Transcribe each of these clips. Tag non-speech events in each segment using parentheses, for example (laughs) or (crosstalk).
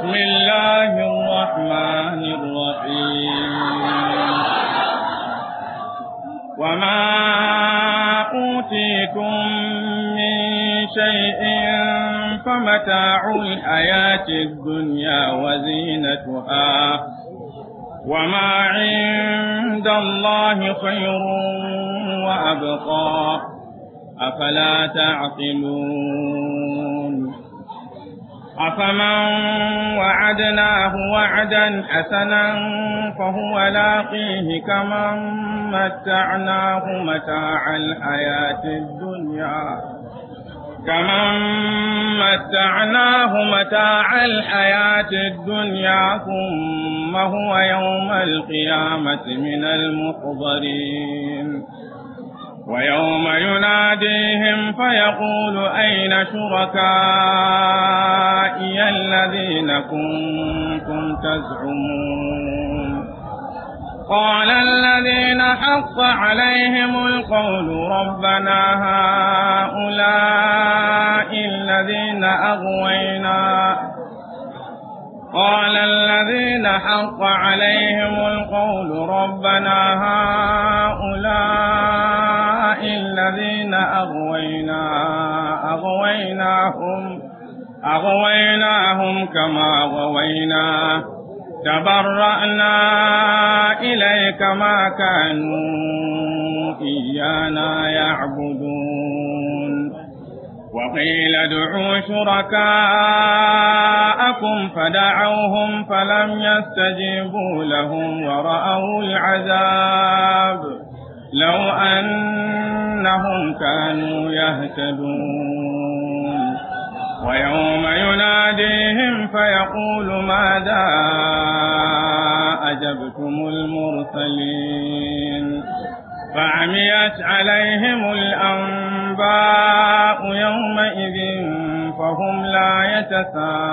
بسم الله الرحمن الرحيم وما أوتيكم من شيء فمتاع الحياة الدنيا وزينتها وما عند الله خير وأبقى أفلا تعقلون أفمن وعدناه وعدا حسنا فهو لاقيه كمن متعناه متاع الحياة الدنيا كمن متعناه متاع الحياة الدنيا ثم هو يوم القيامة من المحضرين ويوم يناديهم فيقول أين شركائي الذين كنتم تزعمون قال الذين حق عليهم القول ربنا هؤلاء الذين أغوينا قال الذين حق عليهم القول ربنا هؤلاء الذين أغوينا أغويناهم أغويناهم كما غوينا تبرأنا إليك ما كانوا إيانا يعبدون وقيل ادعوا شركاءكم فدعوهم فلم يستجيبوا لهم ورأوا العذاب لو أنهم كانوا يهتدون ويوم يناديهم فيقول ماذا أجبتم المرسلين فعميت عليهم الأنباء يومئذ فهم لا يتساءلون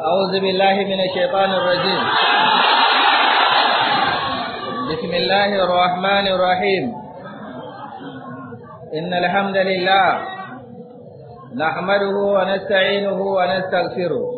أعوذ بالله من الشيطان الرجيم بسم الله الرحمن الرحيم إن الحمد لله نحمده ونستعينه ونستغفره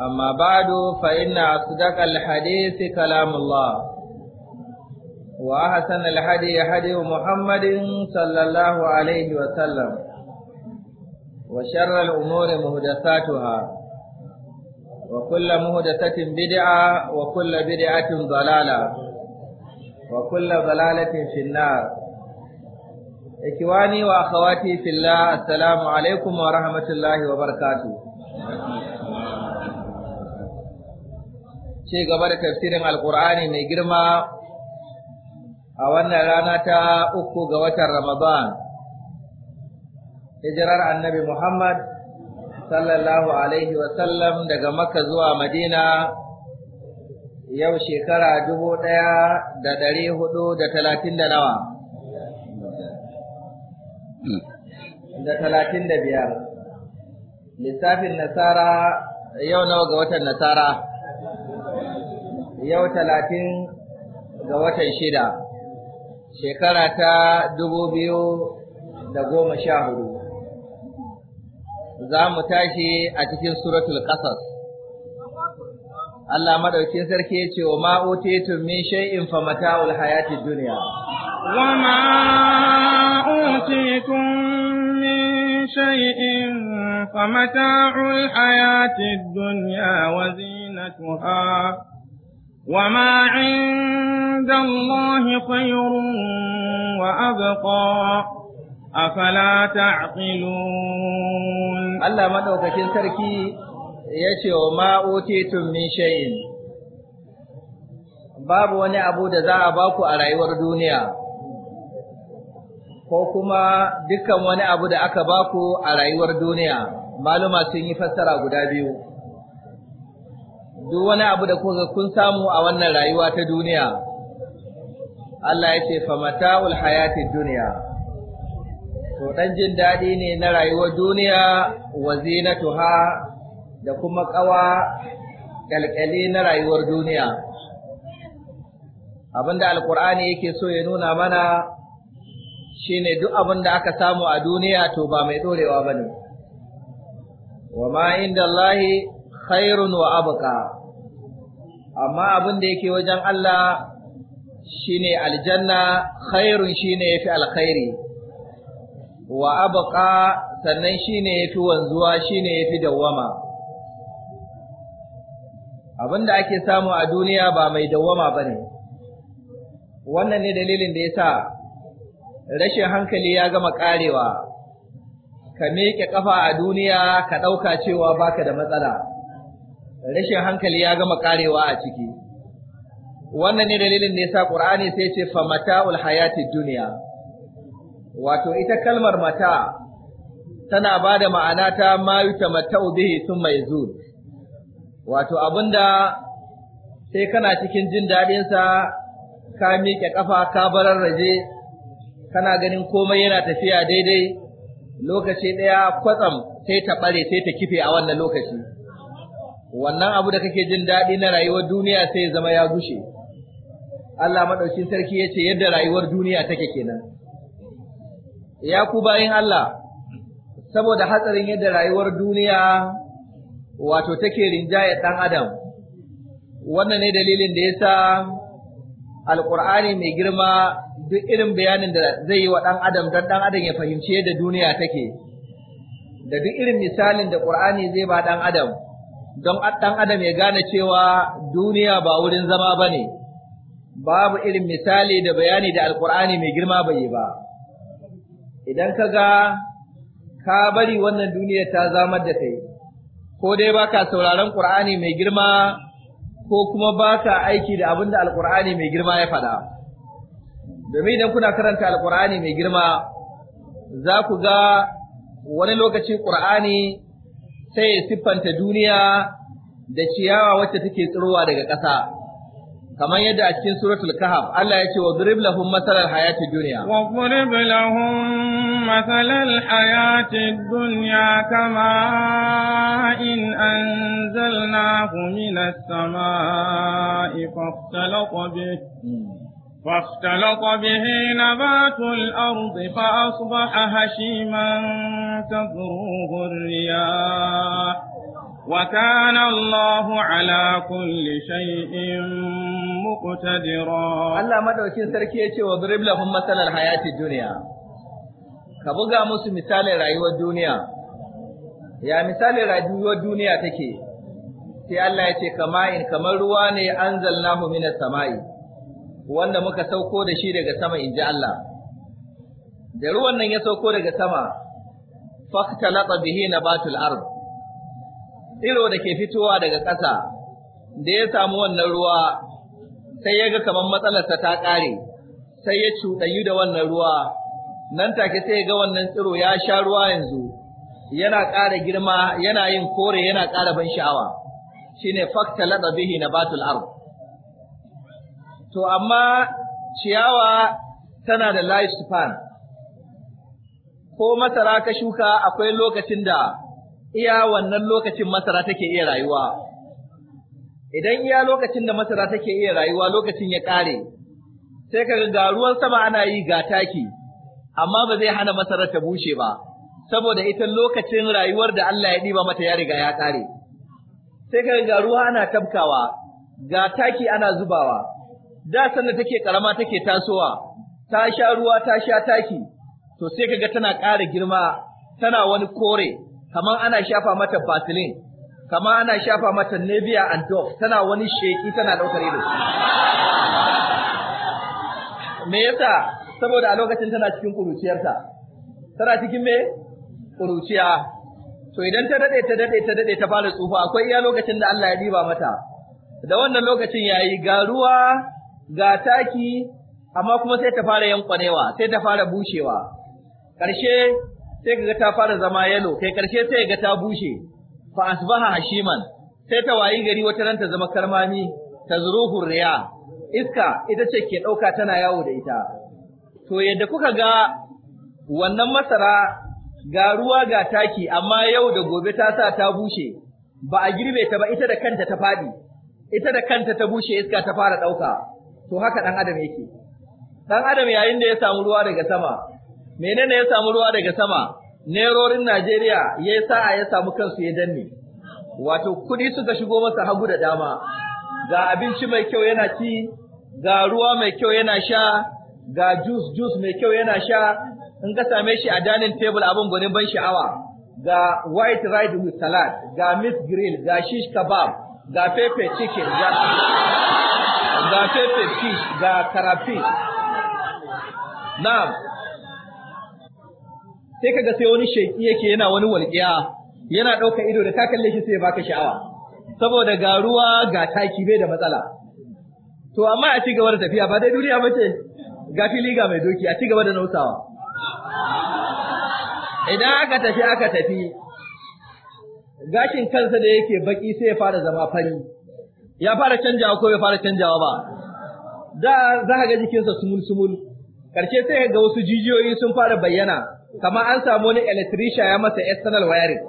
أما بعد فإن أصدق الحديث كلام الله وأحسن الحدي حدي محمد صلى الله عليه وسلم وشر الأمور مهدساتها وكل مهدسة بدعة وكل بدعة ضلالة وكل ضلالة في النار إخواني وأخواتي في الله السلام عليكم ورحمة الله وبركاته ce gaba da tafsirin alkur'ani mai girma a wannan rana ta uku ga watan ramadan hijirar annabi muhammad sallallahu alaihi wasallam daga makka zuwa madina yau shekara dubu ɗaya da ɗari hudu da talatin da nawa da talatin da biyar lissafin nasara yau nawa ga watan nasara yau talatin ga watan shida shekara ta dubu biyu da goma sha hudu za mu tashi a cikin suratul ƙasas Allah madaukin sarki ya ce wa ma'utitum min shay'in fa mata'ul hayati dunya wa ma min shay'in fa mata'ul hayati dunya wa zinatuha وما عند الله خير وأبقى أفلا تعقلون الله ما دوك تركي يشي وما أوتيتم من شيء باب وني أبو da za على baku a ko kuma dukkan wani abu da aka baku a rayuwar duniya maluma sun yi fassara guda biyu duk wani abu da kuka kun samu a wannan rayuwa ta duniya Allah ya ce famata'ul hayati duniya, to dan jin dadi ne na rayuwar duniya wa zinatuha da kuma kawa kalkali na rayuwar duniya abinda alqur'ani yake so ya nuna mana shine duk abin da aka samu a duniya to ba mai dorewa bane wa ma inda Allahi khairun wa abqa amma abin da yake wajen Allah shi ne aljanna khairun ne fi alkhairi wa abqa sannan shi ne fi wanzuwa shi ne fi dawwama da ake samu a duniya ba mai dawwama ne. wannan ne dalilin da ya sa rashin hankali ya gama karewa ka miƙe ƙafa a duniya ka ɗauka cewa baka da matsala rashin hankali ya gama karewa a ciki wannan ne dalilin da yasa Qur'ani sai ce fa mata'ul hayati dunya wato ita kalmar mata tana bada ma'ana ta ma yutamatta'u bihi thumma yazul wato abinda sai kana cikin jin dadin sa ka miƙe kafa ka bararraje kana ganin komai yana tafiya daidai lokaci ɗaya kwatsam sai ta ɓare sai ta kife a wannan lokaci wannan abu da kake jin daɗi na rayuwar duniya sai ya zama ya gushe Allah madaukin sarki ya ce yadda rayuwar duniya take kenan ya ku bayin Allah saboda hatsarin yadda rayuwar duniya wato take rinjaye ɗan adam wannan ne dalilin da ya sa Alƙur'ani mai girma duk irin bayanin da zai yi wa ɗan adam don ɗan adam ya fahimci yadda duniya take da duk irin misalin da ƙur'ani zai ba ɗan adam don ɗan adam ya gane cewa duniya ba wurin zama ba ne, babu irin misali da bayani da alkur'ani mai girma bai yi ba. Idan ka ga ka bari wannan duniya ta zamar da kai, ko dai ba ka sauraron ƙur'ani mai girma ko kuma ba ka aiki da abin da alkur'ani mai girma ya faɗa. Domin idan kuna karanta alkur'ani mai girma, za ku ga wani lokaci ƙur'ani sai ya siffanta duniya da ciyawa wacce take tsirowa daga ƙasa kamar yadda a cikin suratul kahf Allah ya ce wa drib lahum masalan hayati dunya wa drib lahum masalan hayati dunya kama in anzalnahu minas samaa'i fa bihi hmm. فاختلط به نبات الأرض فأصبح هشيما تضروه الرياح وكان الله على كل شيء مقتدرا الله مدوكين سركي وضرب لهم مثل الحياة الدنيا كبغى مسو مثال رأيوة الدنيا يا مثال رأيوة الدنيا تكي sai Allah ya ce kama'in kamar ruwa ne anzalnahu minas wanda muka sauko da shi daga sama inji Allah da ruwan nan ya sauko daga sama fahtalata bihi nabatul ard tsiro da ke fitowa daga ƙasa da ya samu wannan ruwa sai ya ga kamar matsalarsa ta ƙare sai ya cuɗayu da wannan ruwa nan take sai ya ga wannan tsiro ya sha ruwa yanzu yana ƙara girma yana yin kore yana ƙara ban sha'awa shine faktalada bihi batul ard To amma ciyawa tana da life span. Ko masara ka shuka akwai lokacin da iya wannan lokacin masara take iya rayuwa. Idan iya lokacin da masara take iya rayuwa lokacin ya ƙare, sai ka ga ruwan sama ana yi ga taki, amma ba zai hana masara ta bushe ba, saboda ita lokacin rayuwar da Allah ya ɗiba mata ya riga ya ƙare. Sai ka ga ruwa ana tabkawa, ga taki ana zubawa, da sanda take karama take tasowa ta sha ruwa ta sha taki to sai kaga tana ƙara girma tana wani kore kamar ana shafa mata vaseline kamar ana shafa mata Nevia and Dove tana wani sheki tana daukar ido me yasa saboda a lokacin tana cikin kuruciyarta tana cikin me kuruciya to idan ta dade ta dade ta dade ta fara tsufa akwai iya lokacin da Allah ya diba mata da wannan lokacin yayi ga ruwa ga taki amma kuma sai ta fara yankwanewa sai ta fara bushewa ƙarshe sai kaga ta fara zama yalo kai ƙarshe sai ga ta bushe fa asbaha hashiman sai ta wayi gari wata ran ta zama karmami ta zuruhu riya iska ita ce ke ɗauka tana yawo da ita to yadda kuka ga wannan masara ga ruwa ga taki amma yau da gobe ta sa ta bushe ba a girbe ta ba ita da kanta ta faɗi ita da kanta ta bushe iska ta fara ɗauka to haka dan adam yake dan adam yayin da ya samu ruwa daga sama menene ya samu ruwa daga sama nerorin Najeriya ya yi sa'a ya samu kansu ya danne wato kuɗi suka shigo masa hagu da dama ga abinci mai kyau yana ci ga ruwa mai kyau yana sha ga juice juice mai kyau yana sha in ka same shi a dining table abin gwanin ban sha'awa ga white rice with salad ga meat grill ga shish kebab ga pepper chicken ga ga pepe fish ga karafi na'am sai kaga sai wani sheki yake yana wani walƙiya yana ɗauka ido da ka kalle shi sai ya baka sha'awa saboda ga ruwa ga taki bai da matsala to amma a ci gaba da tafiya ba dai duniya bace ga fili ga mai doki a ci gaba da nausawa idan aka tafi aka tafi gashin kansa da yake baki sai ya fara zama fari ya fara canjawa ko bai fara canjawa ba da za ka ga jikinsa sumul sumul karshe sai ga wasu jijiyoyi sun fara bayyana kamar an samu wani electrician ya masa external wiring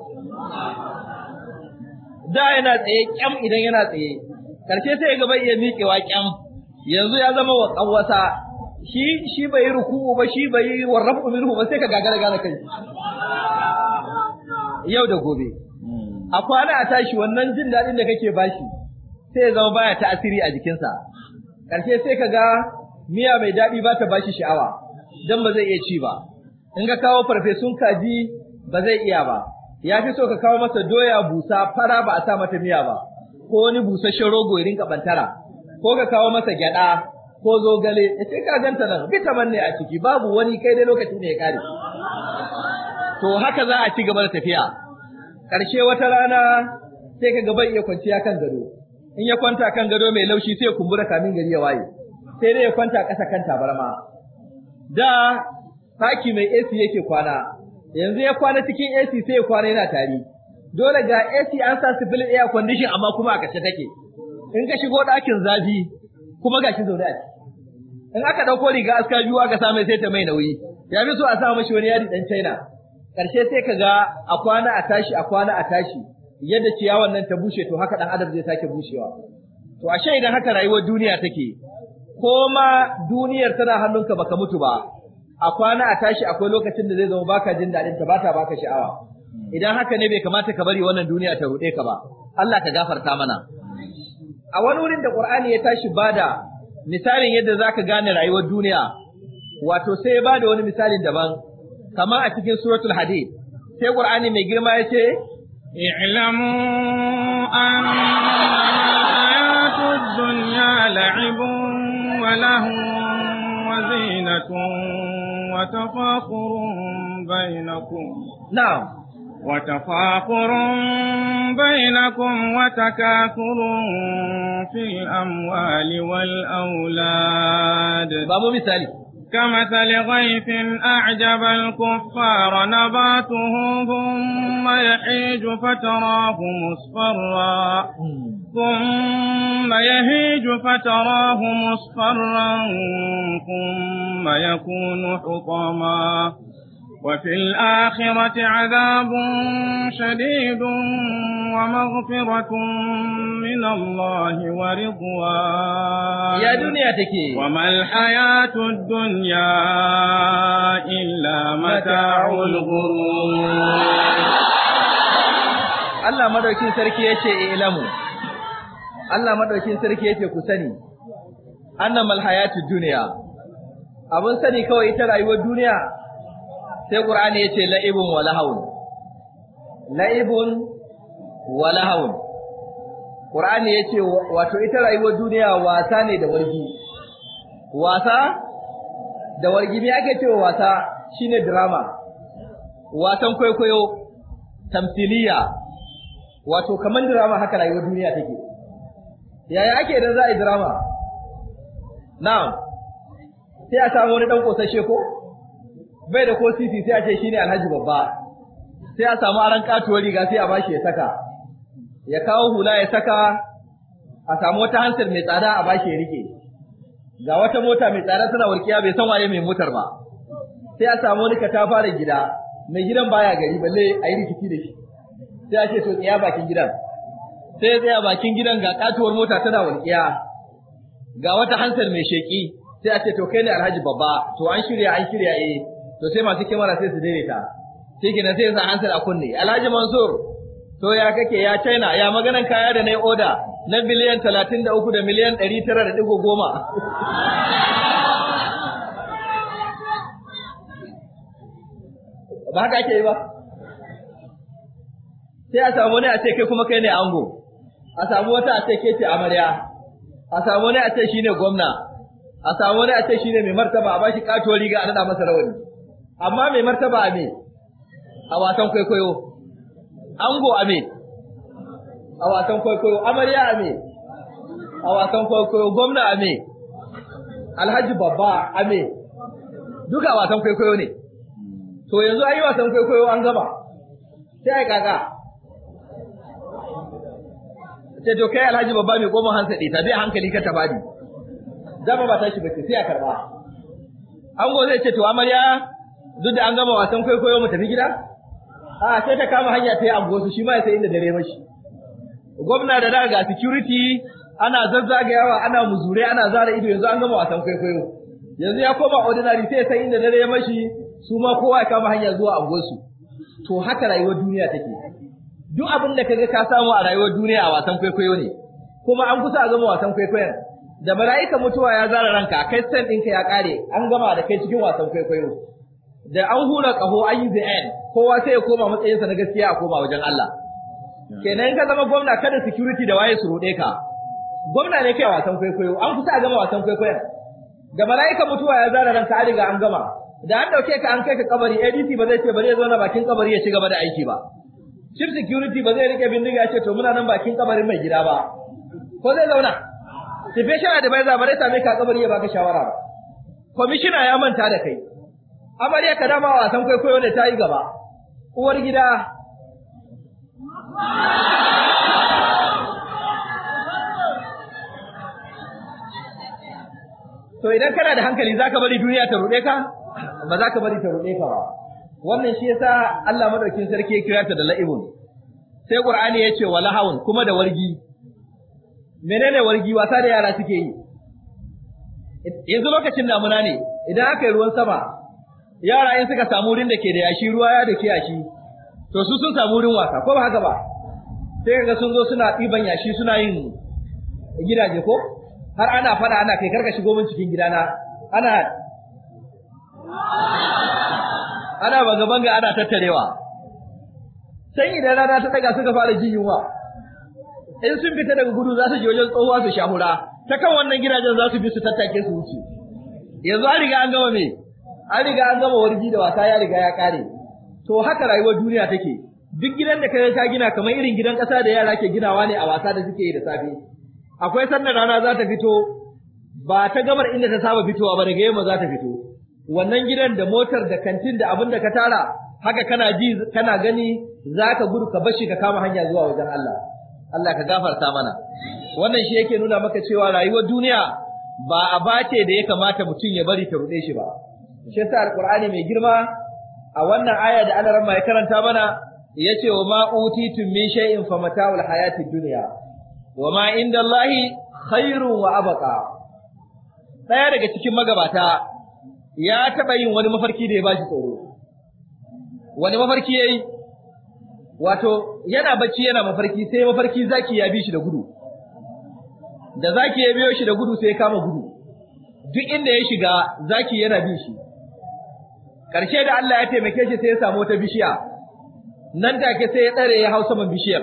da yana tsaye kyam idan yana tsaye karshe sai ga bai iya miƙewa kyam yanzu ya zama wa kawasa shi shi bai yi ruku'u ba shi bai yi warrafu minhu ba sai ka gagara gana kai yau da gobe a kwana a tashi wannan jin daɗin da kake bashi sai ya zama baya ta'asiri a jikinsa ƙarshe sai ka ga miya mai daɗi ba ta bashi sha'awa don ba zai iya ci ba in ka kawo farfesun kaji ba zai iya ba ya fi so ka kawo masa doya busa fara ba a sa mata miya ba ko wani busasshen rogo irin rinka bantara ko ka kawo masa gyaɗa ko zogale ya ce ka ganta nan bitamin ne a ciki babu wani kai dai lokacin ne ya kare to haka za a ci gaba da tafiya ƙarshe wata rana sai ka gaban iya kwanciya kan gado in ya kwanta kan gado mai laushi sai ya kumbura kamin gari ya waye sai dai ya kwanta ƙasa kan tabarma da taki mai AC yake kwana yanzu ya kwana cikin AC sai ya kwana yana tari dole ga AC an sa split air condition amma kuma a kashe take in ka shigo ɗakin zafi kuma shi zaune a in aka ɗauko riga aska biyu aka sa mai sai ta mai nauyi ya fi so a sa mashi wani yadi ɗan China karshe sai ka ga a a tashi a kwana a tashi yadda ciyawan nan ta bushe to haka dan adam zai sake bushewa to ashe idan haka rayuwar duniya take ko ma duniyar tana hannunka baka mutu ba a kwana a tashi akwai lokacin da zai zama baka jin dadin ta bata baka sha'awa idan haka ne bai kamata ka bari wannan duniya ta rude ka ba Allah ka gafarta mana a wani wurin da Qur'ani ya tashi bada misalin yadda zaka gane rayuwar duniya wato sai ya bada wani misalin daban kamar a cikin suratul hadid sai Qur'ani mai girma ya ce اعلموا أن حياة الدنيا لعب وله وزينة وتفاخر بينكم نعم وتفاخر بينكم وتكاثر في الأموال والأولاد بابو مثالي كمثل غيث أعجب الكفار نباته ثم يحيج فتراه مصفرا ثم يهيج فتراه مصفرا ثم يكون حطما وفي الآخرة عذاب شديد ومغفرة من الله ورضوان يا دنيا تكي وما الحياة الدنيا إلا متاع الغرور الله مدركين سركي يشي إعلامه الله مدركين سركي يشي كسني أنما الحياة الدنيا abun sani kawai ita rayuwar duniya sai Qur'ani yace la'ibun wa lahawun la'ibun wa lahawun Qur'ani yace wato ita rayuwar duniya wasa ne da wargi wasa da wargi me ake cewa wasa shine drama wasan kwaikwayo tamthiliya wato kaman drama haka rayuwar duniya take yaya ake da za a yi drama na'am sai a samu wani dan kosashe ko bai da ko sisi sai a ce shine alhaji babba sai a samu aran katuwar riga sai a bashi ya saka ya kawo hula ya saka a samu wata hansar mai tsada a bashi ya rike ga wata mota mai tsada tana walƙiya bai san waye mai motar ba sai a samu wani katafaren gida mai gidan baya gari balle a yi rikici da shi sai a ce to tsaya bakin gidan sai ya tsaya bakin gidan ga katuwar mota tana walƙiya ga wata hansar mai sheƙi sai a ce to kai ne alhaji babba to an shirya an shirya eh to sai masu kyamara sai su daidaita shi nan sai sa hansar a kunne alhaji mansur to ya kake ya china ya maganan kaya da na yi oda na biliyan talatin da uku da miliyan ɗari tara da ɗigo goma ba haka ake yi ba sai a samu wani a ce kai kuma kai ne ango a samu wata a ce ke ce amarya a samu wani a ce shi ne gwamna a samu wani a ce shi ne mai martaba a shi ƙato riga a nada masa rawani amma mai martaba a me a wasan kwaikwayo ango a me a wasan kwaikwayo amarya a me a wasan kwaikwayo gwamna a me alhaji babba a me duka wasan kwaikwayo ne to yanzu an yi wasan kwaikwayo an gaba sai ai kaka sai to kai alhaji babba mai goma hansa ta bai hankali ka tabadi zama ba ta ba ce sai a karba ango zai ce to amarya duk da an gama wasan kwaikwayo mu tafi gida a sai ta kama hanya ta yi anguwarsu shi ma ya sai inda dare mashi gwamna da da ga security ana zazzagayawa ana muzure ana zara ido yanzu an gama wasan kwaikwayo yanzu ya koma ordinary sai sai inda dare mashi su ma kowa ya kama hanya zuwa anguwarsu to haka rayuwar duniya take duk abin da kaga ka samu a rayuwar duniya a wasan kwaikwayo ne kuma an kusa a gama wasan kwaikwayon da mala'ika mutuwa ya zara ranka kai stand ɗinka ya ƙare an gama da kai cikin wasan kwaikwayo da an hula kaho an yi the end kowa sai ya koma matsayinsa na gaskiya a koma wajen Allah kenan in ka zama gwamna kada security da waye su rude ka gwamna ne kai wasan kwaikwayo an kusa a gama wasan kwaikwayon da mala'ikan mutuwa ya zara ranka an riga an gama da an dauke ka an kai ka kabari ADC ba zai ce ba zai zo na bakin kabari ya ci gaba da aiki ba chief security ba zai rike bindiga ya ce to muna nan bakin kabarin mai gida ba ko zai zauna da advisor ba zai same ka kabari ya baka shawara ba commissioner ya manta da kai amarya ka dama wasan kwaikwayo da ta yi gaba uwar gida to idan kana da hankali za ka bari duniya ta ruɗe ka ba za ka bari ta ruɗe ka ba wannan shi yasa Allah madaukin sarki ya kira ta da la'ibun sai Qur'ani ya ce wa lahawun kuma da wargi menene wargi wasa da yara suke yi yanzu lokacin damuna ne idan aka yi ruwan sama yara in suka samu wurin da ke da yashi ruwa ya da ke yashi to su sun samu wurin wasa ko ba haka ba sai kaga sun zo suna ɗiban yashi suna yin gidaje ko har ana fada ana kai karka shigo min cikin gidana ana ana banga banga ana tattarewa sai idan rana ta daga suka fara jin yunwa in sun fita daga gudu za su je wajen tsohuwa su shahura ta kan wannan gidajen za su bi su tattake su wuce yanzu an riga an gama me an riga an gama wargi da wasa ya riga ya kare to haka rayuwar duniya take duk gidan da kai ka gina kamar irin gidan ƙasa da yara ke ginawa ne a wasa da suke yi da safe akwai sannan rana za ta fito ba ta gabar inda ta saba fitowa ba daga yamma za ta fito wannan gidan da motar da kantin da abin da ka tara haka kana ji kana gani za ka gudu ka bashi ka kama hanya zuwa wajen Allah Allah ka gafarta mana wannan shi yake nuna maka cewa rayuwar duniya ba a bace da ya kamata mutum ya bari ta rude shi ba shi yasa alqur'ani mai girma a wannan aya da Allah ramma ya karanta mana yace wa ma utitum min shay'in fa mata'ul hayatid dunya wa ma indallahi khairun wa abqa daya daga cikin magabata ya taba yin wani mafarki da ya bashi tsoro wani mafarki yayi wato yana bacci yana mafarki sai mafarki zaki ya bi shi da gudu da zaki ya biyo shi da gudu sai ya kama gudu duk inda ya shiga zaki yana bin shi Karshe da Allah ya taimake shi sai ya samu wata bishiya, nan take sai ya tsare ya hau saman bishiyar.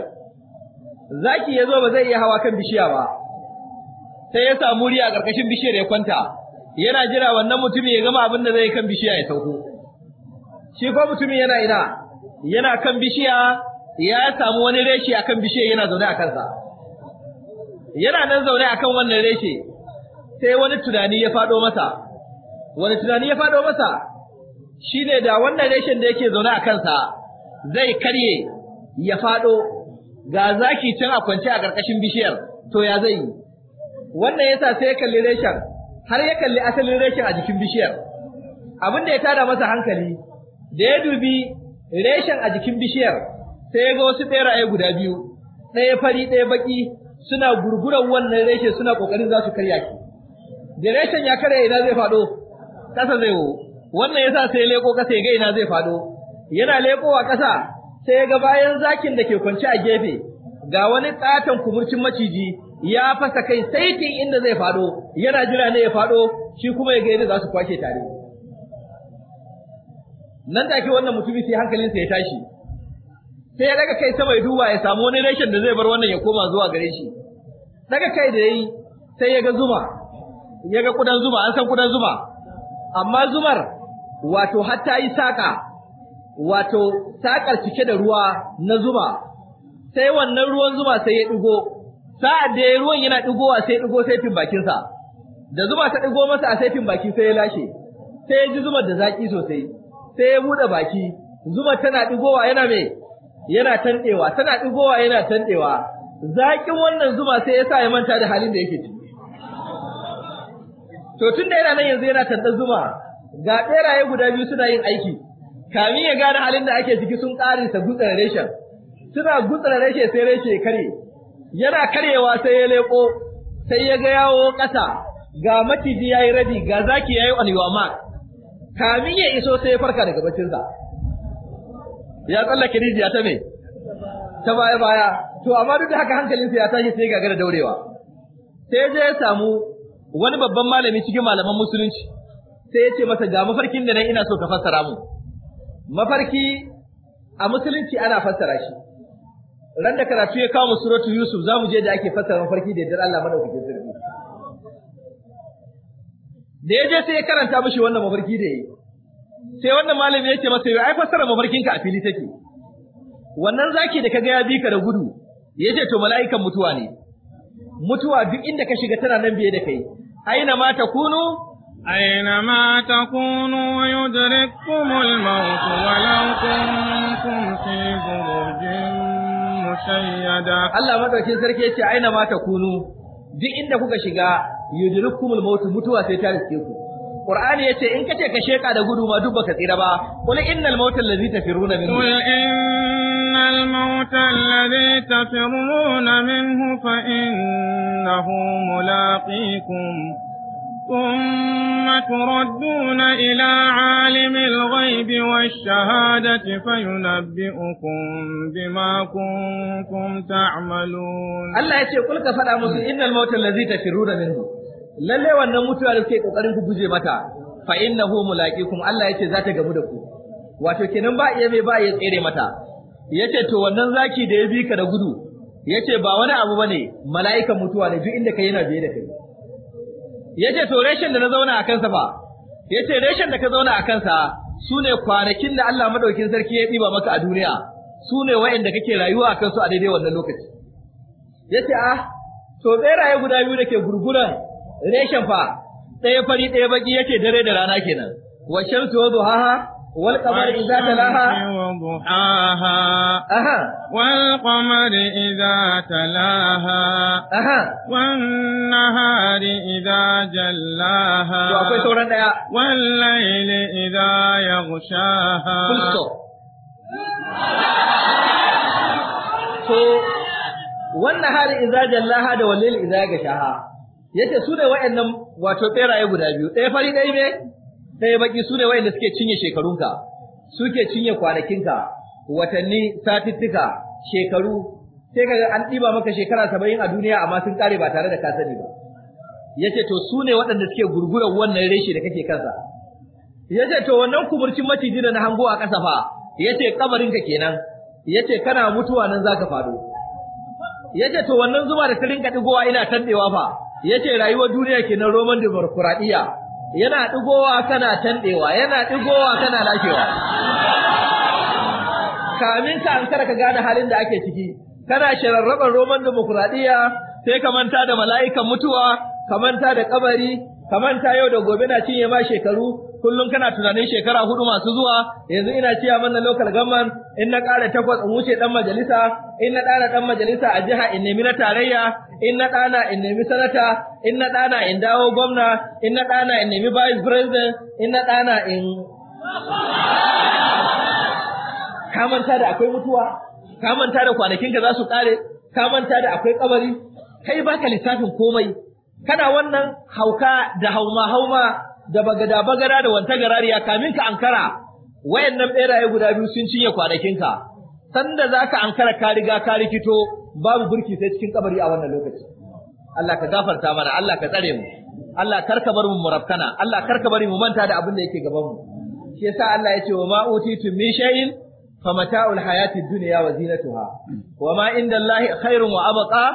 Zaki ya zo ba zai iya hawa kan bishiya ba, sai ya samu riya a ƙarƙashin bishiyar ya kwanta, yana jira wannan mutumin ya gama abin da zai kan bishiya ya sauko. Shi ko mutumin yana ina, yana kan bishiya ya samu wani reshe a kan bishiyar yana zaune a kansa. Yana nan zaune a kan wannan reshe, sai wani tunani ya faɗo masa, wani tunani ya faɗo masa, Shi ne da wannan reshen da yake zaune a kansa zai karye ya faɗo ga zaki can a kwance a ƙarƙashin bishiyar to ya zai yi wannan yasa sai ya kalli reshen har ya kalli asalin reshen a jikin bishiyar abin da ya tada masa hankali da ya dubi reshen a jikin bishiyar sai ya ga wasu ɓeraye guda biyu ɗaya fari ɗaya baki suna gurguran wannan reshen suna ƙoƙarin za su karya ki da reshen ya karya ina zai faɗo ƙasa zai wo wannan yasa sai leko kasa ya ga ina zai fado yana a kasa sai ga bayan zakin da ke kwance a gefe ga wani katon kumurcin maciji ya fasa kai saitin inda zai fado yana jira ne ya fado shi kuma ya ga yadda za su kwace tare nan take wannan mutumin sai hankalinsa ya tashi sai ya daga kai sama ya duba ya samu wani reshen da zai bar wannan ya koma zuwa gare shi daga kai da yayi sai ya ga zuma ya ga kudan zuma an san kudan zuma amma zumar wato har ta yi saƙa, wato saƙar cike da ruwa na zuma, sai wannan ruwan zuma sai ya ɗigo, sa'ad da ruwan yana ɗigowa sai ɗigo saifin bakinsa, da zuma ta ɗigo masa a saifin baki sai ya lashe, sai ya ji zuma da zaƙi sosai, sai ya buɗe baki, zuma tana ɗigowa yana mai, yana tanɗewa, tana ɗigowa yana tanɗewa, zaƙin wannan zuma sai ya sa ya manta da halin da yake ciki. To tun da yana nan yanzu yana tanɗar zuma, ga ɓeraye guda biyu suna yin aiki kamin ya gane halin da ake ciki sun ƙarinsa gutsar reshen suna gutsar reshe sai reshe ya karye yana karyewa sai ya leƙo sai ya ga yawo ƙasa ga maciji ya yi rabi ga zaki ya yi alwama kamin ya iso sai ya farka daga sa. ya tsallake rijiya ta me ta baya baya to amma duk da haka hankalinsa ya tashi sai ga gagara daurewa sai ya je ya samu wani babban malami cikin malaman musulunci sai ya ce masa ga mafarkin da nan ina so ka fassara mu mafarki a musulunci ana fassara shi ran da karatu ya kawo suratu yusuf za mu je da ake fassara mafarki da yaddar Allah madaukakin sarki da ya je sai ya karanta mishi wannan mafarki da yayi sai wannan malami ya ce masa yau ai fassara mafarkin ka a fili take wannan zaki da kaga ya bi ka da gudu yace to mala'ikan mutuwa ne mutuwa duk inda ka shiga tana nan biye da kai aina ma takunu أينما تكونوا يدرككم الموت ولو كنتم في بروج مشيدة الله مدركين سركي أينما تكونوا duk inda kuka shiga yudrikumul maut mutuwa sai ta riske ku Qur'ani yace in kace ka sheka da gudu ma duk baka tsira ba qul innal mauta allazi tafiruna minhu qul innal ثم تردون إلى عالم الغيب والشهادة فينبئكم بما كنتم تعملون الله يتي قل كفر مسلم إن الموت الذي تفرون منه lalle wannan mutuwa da kuke kokarin ku guje mata fa innahu mulaqikum Allah ya ce za ta gamu da ku wato kenan ba iya mai ba ya tsere mata yace to wannan zaki da ya bi ka da gudu yace ba wani abu bane mala'ikan mutuwa ne duk inda kai yana biye da kai yace to reshen da na zauna a kansa fa yace reshen da ka zauna a kansa su ne kwanakin da Allah madaukin sarki ya diba maka a duniya su sune waɗanda kake rayuwa a kansu a daidai wannan lokaci yace ah to tseraye guda biyu da ke gurguran reshen fa ɗaya fari ɗaya baki yake dare da rana kenan wa shamsu wa duhaha والقمر إذا تلاها وضحاها أها والقمر إذا تلاها أها والنهار إذا جلاها والليل إذا يغشاها So, wannan hari idza jallaha da wallil idza gashaha yace su ne wa'annan wato ɓeraye guda biyu ɗaya fari ɗaya me sai baki su ne wayanda suke cinye shekarunka suke cinye kwanakinka watanni satittika shekaru sai kaga an ɗiba maka shekara saba'in a duniya amma sun kare ba tare da ka sani ba yace to su ne waɗanda suke gurgurar wannan reshe da kake kansa yace to wannan kuburcin maciji da na hango a ƙasa fa yace kabarin ka kenan yace kana mutuwa nan zaka faɗo yace to wannan zuma da ta rinka digowa ina tandewa fa yace rayuwar duniya kenan roman dimokuraɗiyya yana ɗigowa kana tanɗewa yana ɗigowa kana lakewa kamin ka an ka gane halin da ake ciki kana shararraban roman demokuraɗiyya sai ka manta da mala'ikan mutuwa ka manta da kabari ka manta yau da gobe na cinye ma shekaru kullum kana tunanin shekara hudu masu zuwa yanzu ina ciya mana local government in na ƙara takwas in wuce dan majalisa in na ɗana dan majalisa a jiha in nemi na tarayya in na ɗana in nemi sanata in na ɗana in dawo gwamna in na ɗana in nemi vice president in na ɗana in (laughs) ka manta da akwai mutuwa ka manta da kwanakinka za su ƙare ka manta da akwai kabari kai baka lissafin komai kana wannan hauka da hauma hauma da bagada bagada da wanta garariya kamin ka ankara wayannan beraye guda biyu sun cinye kwanakinka sanda zaka ankara ka riga ka rikito babu burki sai cikin kabari a wannan lokaci Allah ka gafarta mana Allah ka tsare mu Allah karka bar mu murabkana Allah ka bari mu manta da abin da yake gaban mu shi yasa Allah ya ce wa ma utitu min shay'in famata'ul hayati dunya wa zinatuha wa ma inda Allah khairun wa abqa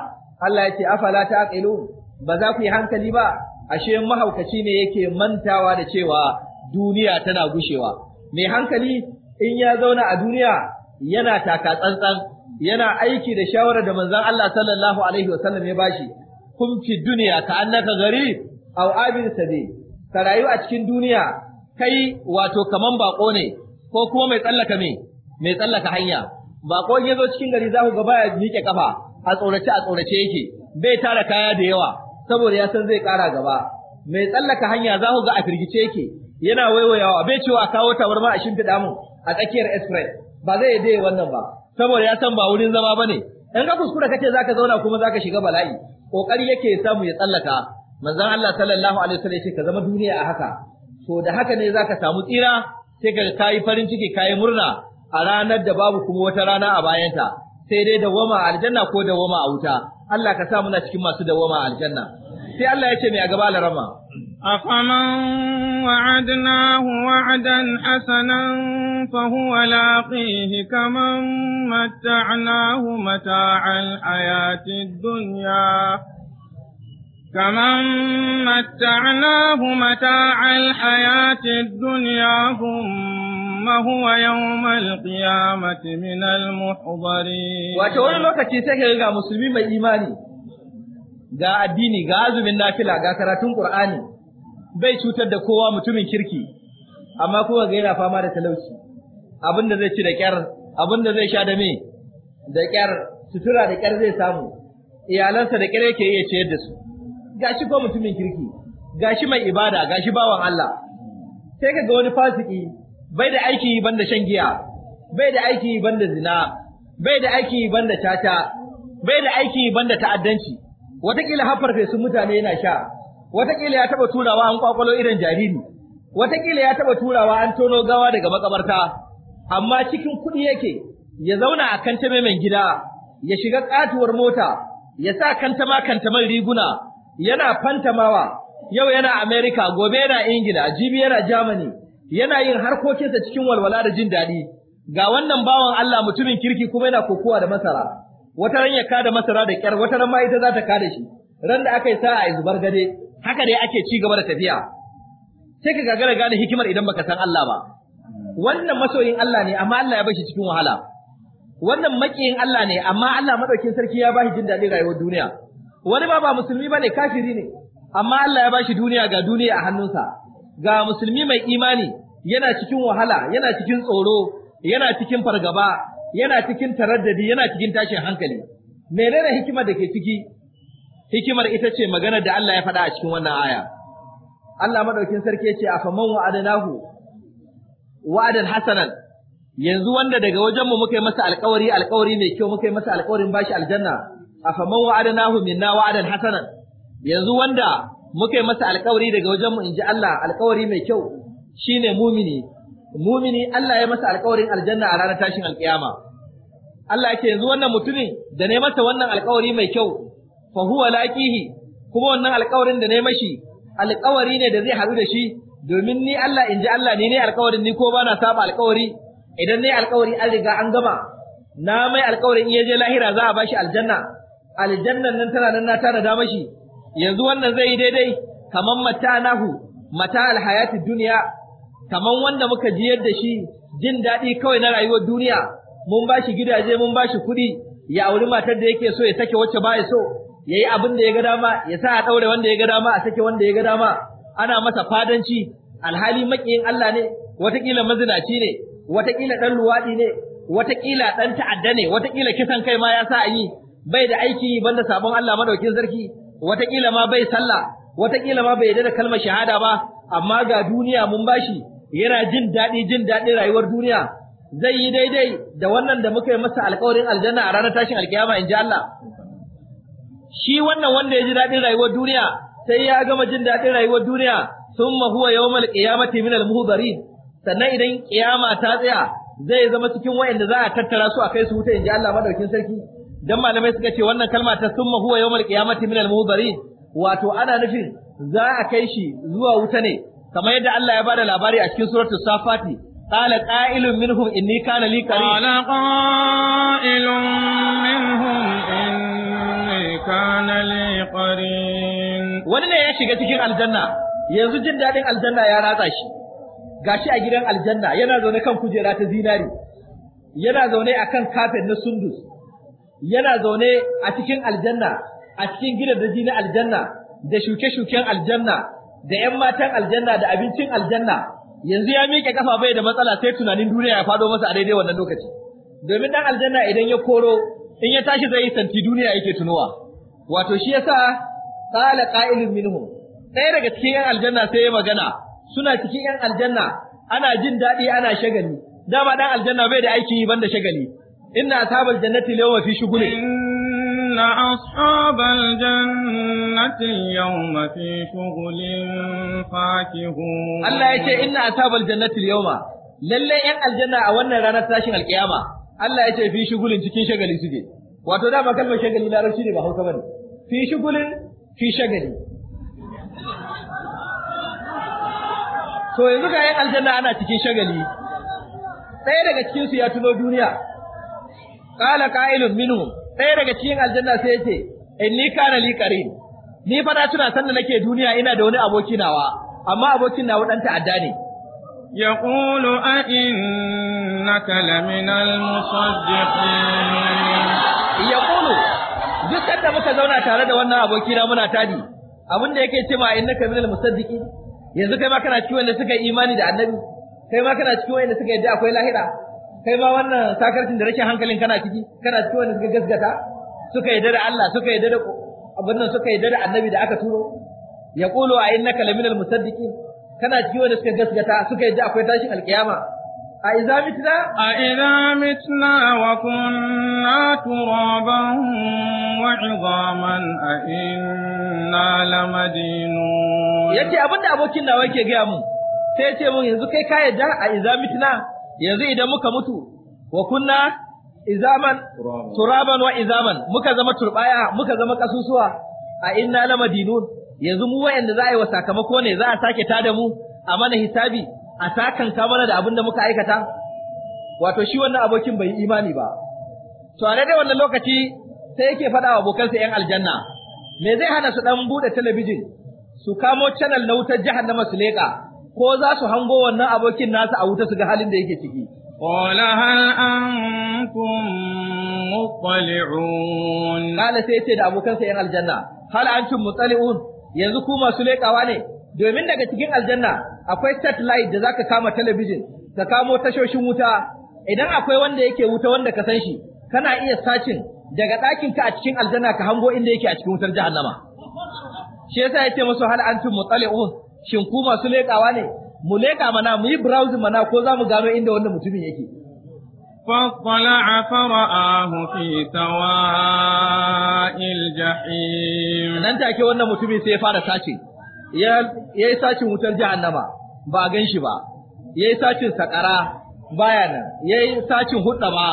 Allah ya ce afala ta'qilun ba za ku yi hankali ba ashe mahaukaci ne yake mantawa da cewa duniya tana gushewa mai hankali in ya zauna a duniya yana taka tsantsan yana aiki da shawarar da manzon Allah sallallahu alaihi wasallam ya bashi kun fi duniya ka annaka gari aw abin sabi ka rayu a cikin duniya kai wato kaman bako ne ko kuma mai tsallaka me mai tsallaka hanya bako in ya cikin gari za ku ga ya miƙe kafa a tsorace a tsorace yake bai tara kaya da yawa saboda ya san zai ƙara gaba mai tsallaka hanya za ku ga a firgice yake yana waiwayawa bai cewa a kawo tabarma a shimfiɗa mun a tsakiyar express ba zai dai wannan ba saboda ya san ba wurin zama bane in ka kuskura kace zaka zauna kuma zaka shiga bala'i kokari yake samu ya tsallaka manzon Allah sallallahu alaihi wasallam yace ka zama duniya a haka to da haka ne zaka samu tsira sai ka kayi farin ciki kai murna a ranar da babu kuma wata rana a bayanta sai dai dawwama a aljanna ko wama a wuta Allah ka sa muna cikin masu dawama a aljanna sai Allah ya ce mai a gaba larama afaman wa'adnahu wa'dan asanan fa huwa laqihi kaman matta'nahu mata'al hayatid dunya كمن متعناه متاع الحياة الدنيا ثم هو يوم القيامة من المحضرين وكأول لوكا تيسيك مسلمين من ga addini ga azumin nafila ga karatun Qur'ani bai cutar da kowa mutumin kirki amma kuma ga yana fama da talauci abin da zai ci da kyar abin da zai sha da me da kyar sutura da kyar zai samu iyalansa da kyar yake iya ciyar da su gashi ko mutumin kirki gashi mai ibada gashi bawan Allah sai kaga wani fasiki bai da aiki banda shan giya bai da aiki banda zina bai da aiki banda caca, bai da aiki banda ta'addanci wataƙila haffarfe sun mutane yana sha wataƙila ya taɓa turawa an kwakwalo irin jariri wataƙila ya taɓa turawa an tono gawa daga makabarta amma cikin kuɗi yake ya zauna a kantame mai gida ya shiga ƙatuwar mota ya sa ma kantama man riguna yana fantamawa yau yana Amerika gobe yana Ingila jibi yana Germany yana yin harkokinsa cikin walwala da jin daɗi ga wannan bawan Allah mutumin kirki kuma yana kokowa da masara wata ran ya kada masara da kyar wata ran ma ita za ta kada shi ran da aka yi sa'a a zubar gade haka dai ake ci gaba da tafiya sai ka gagara gane hikimar idan baka san Allah ba wannan masoyin Allah ne amma Allah ya bashi cikin wahala wannan makiyin Allah ne amma Allah madaukin sarki ya bashi jin daɗin rayuwar duniya wani ba ba musulmi bane kafiri ne amma Allah ya bashi duniya ga duniya a hannunsa ga musulmi mai imani yana cikin wahala yana cikin tsoro yana cikin fargaba yana cikin taraddadi yana cikin tashin hankali menene hikimar da ke ciki hikimar ita ce maganar da Allah ya faɗa a cikin wannan aya Allah madaukin sarki ya ce afaman wa'adnahu wa'adan hasanan yanzu wanda daga wajen mu muka yi masa alƙawari alƙawari mai kyau muka yi masa alƙawarin bashi aljanna afaman wa'adnahu minna wa'adan hasanan yanzu wanda muka yi masa alƙawari daga wajen mu inji Allah alƙawari mai kyau shine mumini mumini Allah ya masa alƙawarin aljanna a ranar tashin alƙiyama Allah yake yanzu wannan mutumin da ne masa wannan alƙawari mai kyau fa huwa laqihi kuma wannan alƙawarin da ne mashi alƙawari ne da zai haɗu da shi domin ni Allah in ji Allah ni ne alƙawarin ni ko ba na saba alƙawari idan ne alƙawari an riga an gama na mai alƙawarin iya je lahira za a bashi aljanna aljannan nan tana nan na tanada da mashi yanzu wannan zai yi daidai kamar nahu mata alhayati duniya kaman wanda muka jiyar da shi jin daɗi kawai na rayuwar duniya mun ba shi gidaje mun ba shi kuɗi ya auri matar da yake so ya sake wacce ba ya so ya yi abin da ya ga dama ya sa a ɗaure wanda ya ga dama a sake wanda ya ga dama ana masa fadanci alhali maƙiyin Allah ne watakila mazinaci ne watakila ɗan luwaɗi ne watakila ɗan ta'adda ne watakila kisan kai ma ya sa a yi bai da aiki banda sabon Allah madaukin sarki watakila ma bai sallah wataƙila ma bai yarda da kalmar shahada ba amma ga duniya mun bashi yana jin daɗi jin daɗin rayuwar duniya zai yi daidai da wannan da muka yi masa alƙawarin aljanna a ranar tashin alkiyama in ji Allah shi wannan wanda ya ji daɗin rayuwar duniya sai ya gama jin daɗin rayuwar duniya summa huwa yawmal qiyamati min al sannan idan kiyama ta tsaya zai zama cikin wa'anda za a tattara su a kai su wuta in ji Allah madaukin sarki dan malamai suka ce wannan kalma ta summa huwa yawmal qiyamati min al wato ana nufin za a kai shi zuwa wuta ne kamar yadda Allah ya bada labari a cikin suratul safati qala qa'ilun minhum inni kana li qarin qala qa'ilun minhum inni kana li qarin wani ne ya shiga cikin aljanna yanzu jin dadin aljanna ya ratsa shi gashi a gidan aljanna yana zaune kan kujera ta zinari yana zaune akan kafet na sundus yana zaune a cikin aljanna a cikin gidajen na aljanna da shuke-shuken aljanna da ƴan matan aljanna da abincin aljanna yanzu ya miƙe kafa bai da matsala sai tunanin duniya ya fado masa a daidai wannan lokaci domin dan aljanna idan ya koro in ya tashi zai yi santi duniya yake tunowa wato shi yasa qala qa'ilun minhum ɗaya daga cikin ƴan aljanna sai ya magana suna cikin ƴan aljanna ana jin daɗi ana shagali dama ɗan aljanna bai da aiki banda shagali inna ashabal jannati lawma fi shughulin إن أصحاب الجنة اليوم في شغل فاكهون الله يشاء إن أصحاب الجنة اليوم lalle ‘yan aljanna a wannan ranar tashin alkiyama Allah ya ce fi shugulin cikin shagali suke wato da ba kalmar shagali larabci ne ba hausa bane fi shugulin fi shagali to yanzu ga ‘yan aljanna ana cikin shagali ɗaya daga cikinsu ya tuno duniya ƙala ƙa'ilun minhum ɗaya daga cikin aljanna sai yace inni kana li qarin ni fa suna tuna sanna nake duniya ina da wani aboki nawa amma abokin nawa dan ta'adda ne يقول أئنك لمن duk da muka zauna tare da wannan abokina muna tadi abin da yake ce ma innaka minal musaddiqin yanzu kai ma kana cikin wanda suka yi imani da annabi kai ma kana cikin wanda suka yadda akwai lahira kai ma wannan sakarcin da rashin hankalin kana ciki kana ciki wanda suka gaskata suka yadda da Allah suka yadda da abin nan suka yadda da annabi da aka turo ya yaqulu a innaka laminal musaddiqin kana ciki wanda suka gaskata suka yadda akwai tashin alkiyama a idza mitna a idza mitna wa kunna turaban wa idhaman a inna lamadinun yace abinda abokin nawa yake ga mu sai ya ce mun yanzu kai ka yadda a idza mitna yanzu idan muka mutu wa kunna izaman turaban wa izaman muka zama turbaya muka zama kasusuwa a inna madinun yanzu mu wayanda za a yi wa sakamako ne za a sake ta da mu a mana hisabi a sakan mana da abin da muka aikata wato shi wannan abokin bai yi imani ba to a daidai wannan lokaci sai yake faɗa wa abokansa ‘yan aljanna, me zai hana su ɗan buɗe talabijin, su kamo canal na wutar jahannama su leƙa, ko za su hango wannan abokin nasa a wuta su ga halin da yake ciki. Kola hal antum muqali'un. Kala sai ce da abokansa ‘yan aljanna, hal antum yanzu ku masu leƙawa ne, domin daga cikin aljanna akwai satellite da zaka kama talabijin, ka kamo tashoshin wuta, idan akwai wanda yake wuta wanda ka san shi, kana iya sacin daga ɗakinka a cikin aljanna ka hango inda yake a cikin wutar jahannama. Shi yasa yace musu hal antum muqali'un shin ku masu leƙawa ne mu leƙa mana mu yi browsing mana ko za mu gano inda wanda mutumin yake فاطلع فرآه في سواء الجحيم nan take wannan mutumin sai ya fara sace yayi sacin wutar jahannama ba gan shi ba yayi sacin sakara baya nan yayi sacin ba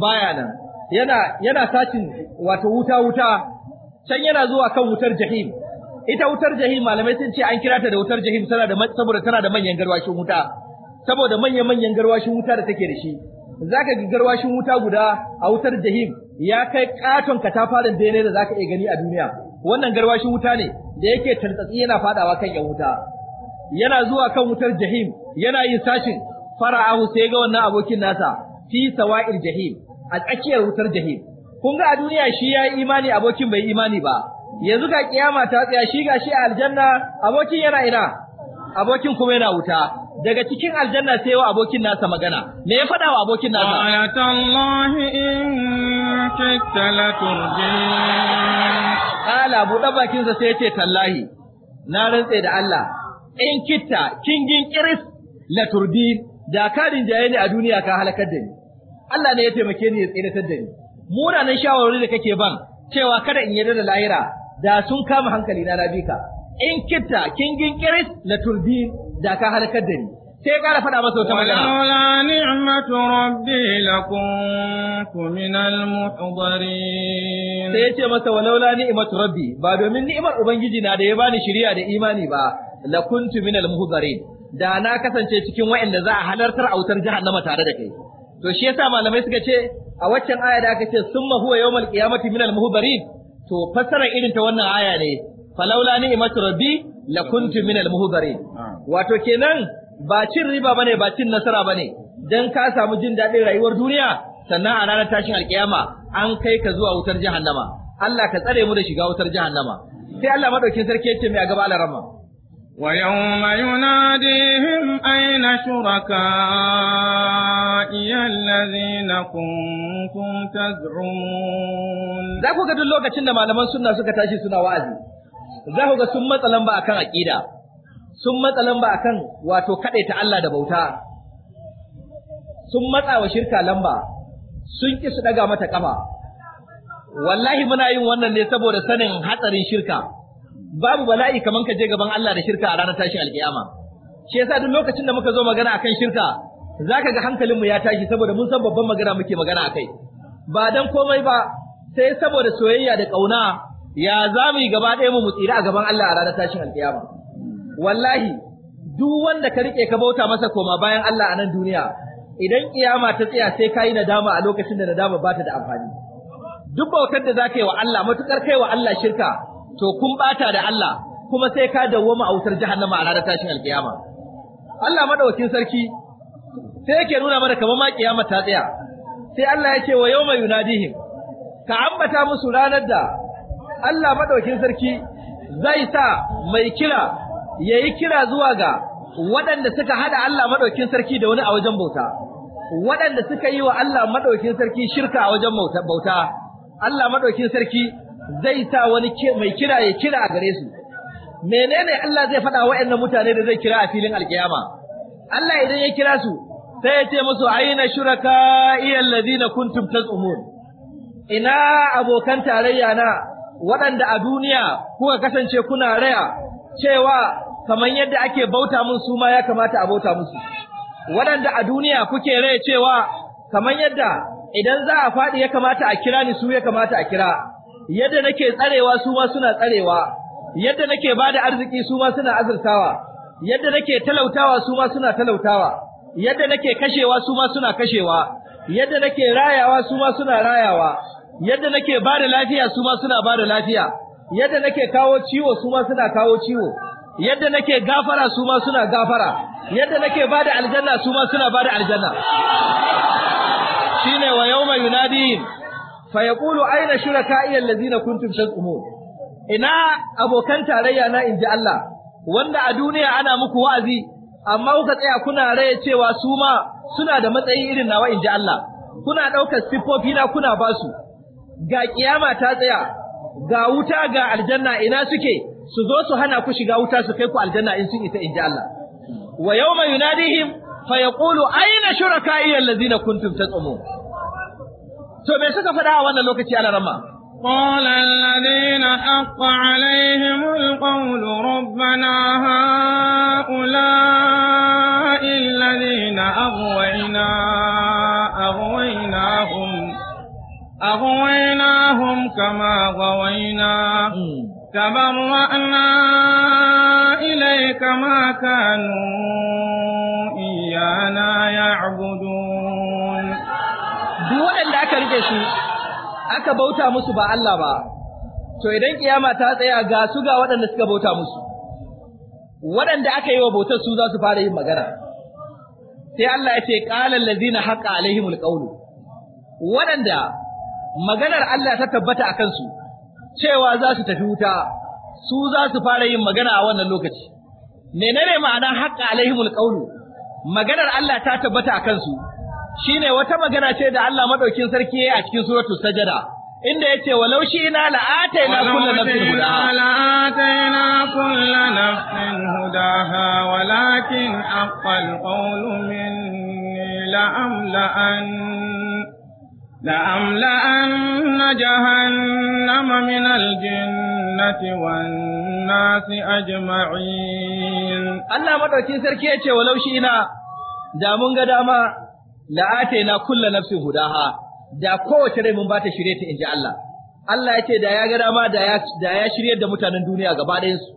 baya nan yana yana sacin wato wuta wuta can yana zuwa kan wutar jahim ita wutar jahim malamai sun ce an kira ta da wutar jahim tana da saboda tana da manyan garwashin wuta saboda manyan manyan garwashin wuta da take da shi zaka ga garwashin wuta guda a wutar jahim ya kai katon da bene da zaka iya gani a duniya wannan garwashin wuta ne da yake tantsatsi yana fadawa kan yan wuta yana zuwa kan wutar jahim yana yin sashin fara'ahu sai ga wannan abokin nasa fi sawa'il jahim a tsakiyar wutar jahim kun ga a duniya shi ya imani abokin bai imani ba yanzu ga kiyama ta tsaya shi gashi a aljanna abokin yana ina abokin kuma yana wuta daga cikin aljanna sai wa abokin nasa magana me ya fada wa abokin nasa ayatallahi in kitta la turji ala buɗe bakin sa sai ya ce tallahi na rantse da Allah in kitta kingin kiris la turdi da karin jaye ne a duniya ka halakar da ni Allah ne ya taimake ni ya tsiratar da ni nan shawarwari da kake ban cewa kada in yarda da lahira da sun kama hankali na bi in kitta kin ginkiris la turbin da ka halakar da ni sai ƙara faɗa masa wata magana wala ni'matu rabbi lakuntu minal muhdarin sai yace masa walaula ni'matu rabbi ba domin ni'imar ubangiji na da ya bani shiriya da imani ba lakuntu minal muhdarin da na kasance cikin wa'anda za a halartar autar jahannama tare da kai to shi yasa malamai suka ce a waccan aya da aka ce summa huwa yawmal qiyamati minal muhdarin to fasara irin ta wannan aya ne falaula imatu rabbi lakuntu minal ah. wato kenan ba cin riba bane ba cin nasara bane dan ka samu jin daɗin rayuwar duniya sannan a ranar tashin alkiyama an kai ka zuwa wutar jahannama Allah ka tsare mu da shiga wutar jahannama sai Allah madaukin sarki ya ce mai a gaba alarama ويوم يناديهم أين شركائي الذين كنتم تزعمون ذاكو قد اللوكة كنا معلمان سنة سكة تأشي سنة وعزي ذاكو قد سمة تلنبا أكان أكيدا سمة تلنبا أكان واتو كأي تعالى دبوتا سمة وشركة شركة لنبا سنك سنقا متكما wallahi muna yin wannan ne saboda sanin hatsarin shirka babu bala'i kaman ka je gaban Allah da shirka a ranar tashin alkiyama shi yasa duk lokacin da muka zo magana akan shirka zaka ga hankalinmu ya tashi saboda mun san babban magana muke magana akai ba dan komai ba sai saboda soyayya da kauna ya za mu yi gaba ɗaya mu tsira a gaban Allah a ranar tashin alkiyama wallahi duk wanda ka rike ka bauta masa koma bayan Allah a nan duniya idan kiyama ta tsaya sai ka yi nadama a lokacin da nadama ba ta da amfani duk bautar da zaka yi wa Allah matukar kai wa Allah shirka to kun bata da Allah kuma sai ka dawwama a wutar jahannama a ranar tashin alkiyama Allah madaukakin sarki sai yake nuna mana kamar ma kiyama ta tsaya sai Allah ya ce wa yawma yunadihim ka ambata musu ranar da Allah madaukakin sarki zai sa mai kira yayi kira zuwa ga waɗanda suka hada Allah madaukakin sarki da wani a wajen bauta waɗanda suka yi wa Allah madaukakin sarki shirka a wajen bauta Allah madaukakin sarki zai sa wani mai kira ya kira a gare su menene Allah zai faɗa waɗannan mutane da zai kira a filin alkiyama Allah idan ya kira su sai ya ce musu aina shuraka iyal ladina kuntum tazumun ina abokan tarayya na waɗanda a duniya kuka kasance kuna raya cewa kamar yadda ake bauta mun su ma ya kamata a bauta musu waɗanda a duniya kuke raya cewa kamar yadda idan za a faɗi ya kamata a kira ni su ya kamata a kira yadda nake tsarewa su ma suna tsarewa yadda nake bada arziki su ma suna azurtawa yadda nake talautawa su ma suna talautawa yadda nake kashewa su ma suna kashewa yadda nake rayawa su ma suna rayawa yadda nake bada lafiya su ma suna bada lafiya yadda nake kawo ciwo su ma suna kawo ciwo yadda nake gafara su ma suna gafara yadda nake bada aljanna su ma suna bada aljanna shine wa yawma yunadihim fa Kulu aina shuraka'i allazina kuntum tsumo. ina abokan tarayya na inji Allah wanda a duniya ana muku wa'azi amma kuka tsaya kuna raye cewa su ma suna da matsayi irin nawa inji Allah kuna daukar siffofi na kuna basu ga kiyama ta tsaya ga wuta ga aljanna ina suke su zo su hana ku shiga wuta su kai ku aljanna in sun isa inji Allah wa yawma yunadihim fa yaqulu aina shuraka'i allazina kuntum tad'umun to me suka faɗa a wannan lokaci ala ramma قال الذين حق عليهم القول ربنا هؤلاء الذين أغوينا أغويناهم أغويناهم كما غوينا تبرأنا إليك ما كانوا إيانا يعبدون duk waɗanda aka rike su aka bauta musu ba Allah ba to idan kiyama ta tsaya ga su ga waɗanda suka bauta musu waɗanda aka yi wa bautar su za su fara yin magana sai Allah ya ce qala allazina haqa alaihimul qawlu waɗanda maganar Allah ta tabbata akan su cewa za su tafi wuta su za su fara yin magana a wannan lokaci menene ma'ana haqa alaihimul qawlu maganar Allah ta tabbata akan su shine wata magana ce da Allah madaukin sarki yi a cikin suratul sajada inda yace walau shi ina la'ataina kullu nafsin hudaha la'ataina kullu nafsin hudaha walakin aqal qawlu minni la'amla an لأملأن جهنم من الجنة والناس أجمعين الله مدركين سركي ina da mun ga dama?' la'ataina kulla nafsin hudaha da kowace rai mun bata shirye ta inji Allah Allah yake da ya gada ma da ya da ya shirye da mutanen duniya gaba ɗayan su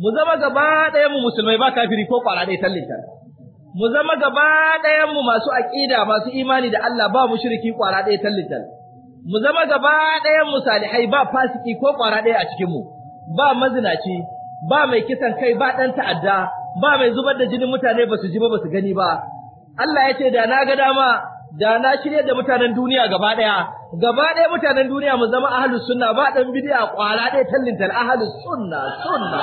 mu zama gaba ɗayan mu musulmai ba kafiri ko kwara ɗaya tallinta mu zama gaba ɗayan mu masu aqida masu imani da Allah ba mu shiriki kwara ɗaya tallinta mu zama gaba ɗayan mu salihai ba fasiki ko kwara ɗaya a cikin mu ba mazinaci ba mai kisan kai ba ɗan ta'adda ba mai zubar da jinin mutane ba su ji ba ba su gani ba Allah ya ce da na ga dama da na shirye da mutanen duniya gaba daya gaba daya mutanen duniya mu zama ahlus sunna ba dan bid'a kwala dai tallin tal ahlus sunna sunna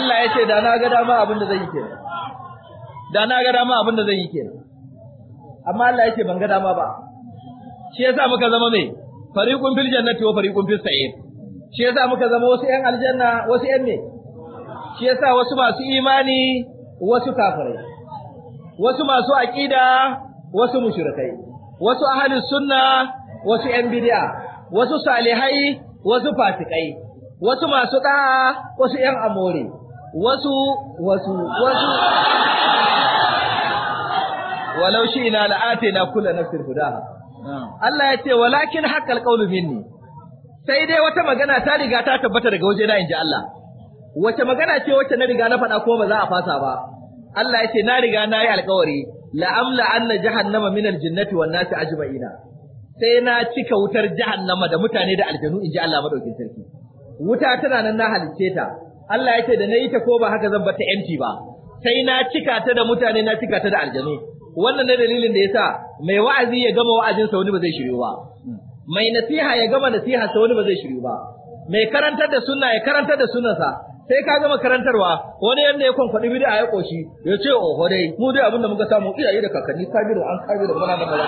Allah ya ce da na ga dama abin da zai yi kenan da na ga dama abin da zai yi kenan amma Allah ya ce ban ga dama ba shi yasa muka zama me fariqun fil jannati wa fariqun fis sa'ir shi yasa muka zama wasu ƴan aljanna wasu ƴan ne shi yasa wasu masu imani wasu kafirai wasu masu aqida wasu mushrikai wasu ahlus sunna wasu yan bid'a wasu salihai wasu fasikai wasu masu da wasu yan amore wasu wasu wasu walau ina la'atina kullu nafsin hudaha Allah ya ce walakin haqqal qawlu minni sai dai wata magana ta riga ta tabbata daga waje, na inji Allah wace magana ce wacce na riga na faɗa ko ba za a fasa ba Allah ya ce na riga na yi alƙawari la amla anna jahannama min aljannati wan nasi ajma'ina sai na cika wutar jahannama da mutane da aljanu inji Allah madaukin sarki wuta tana nan na halicce ta Allah ya ce da na yi ta ko ba haka zan bata yanci ba sai na cika ta da mutane na cika ta da aljanu wannan ne dalilin da yasa mai wa'azi ya gama wa'azinsa wani ba zai shiryu ba mai nasiha ya gama nasiha sa wani ba zai shiryu ba mai karantar da sunna ya karantar da sunnarsa sai ka gama karantarwa wani yanda ya kwankwaɗi a ya koshi ya ce oho dai mu dai abinda muka samu iyaye da kakanni kabiru an kabiru muna da kaza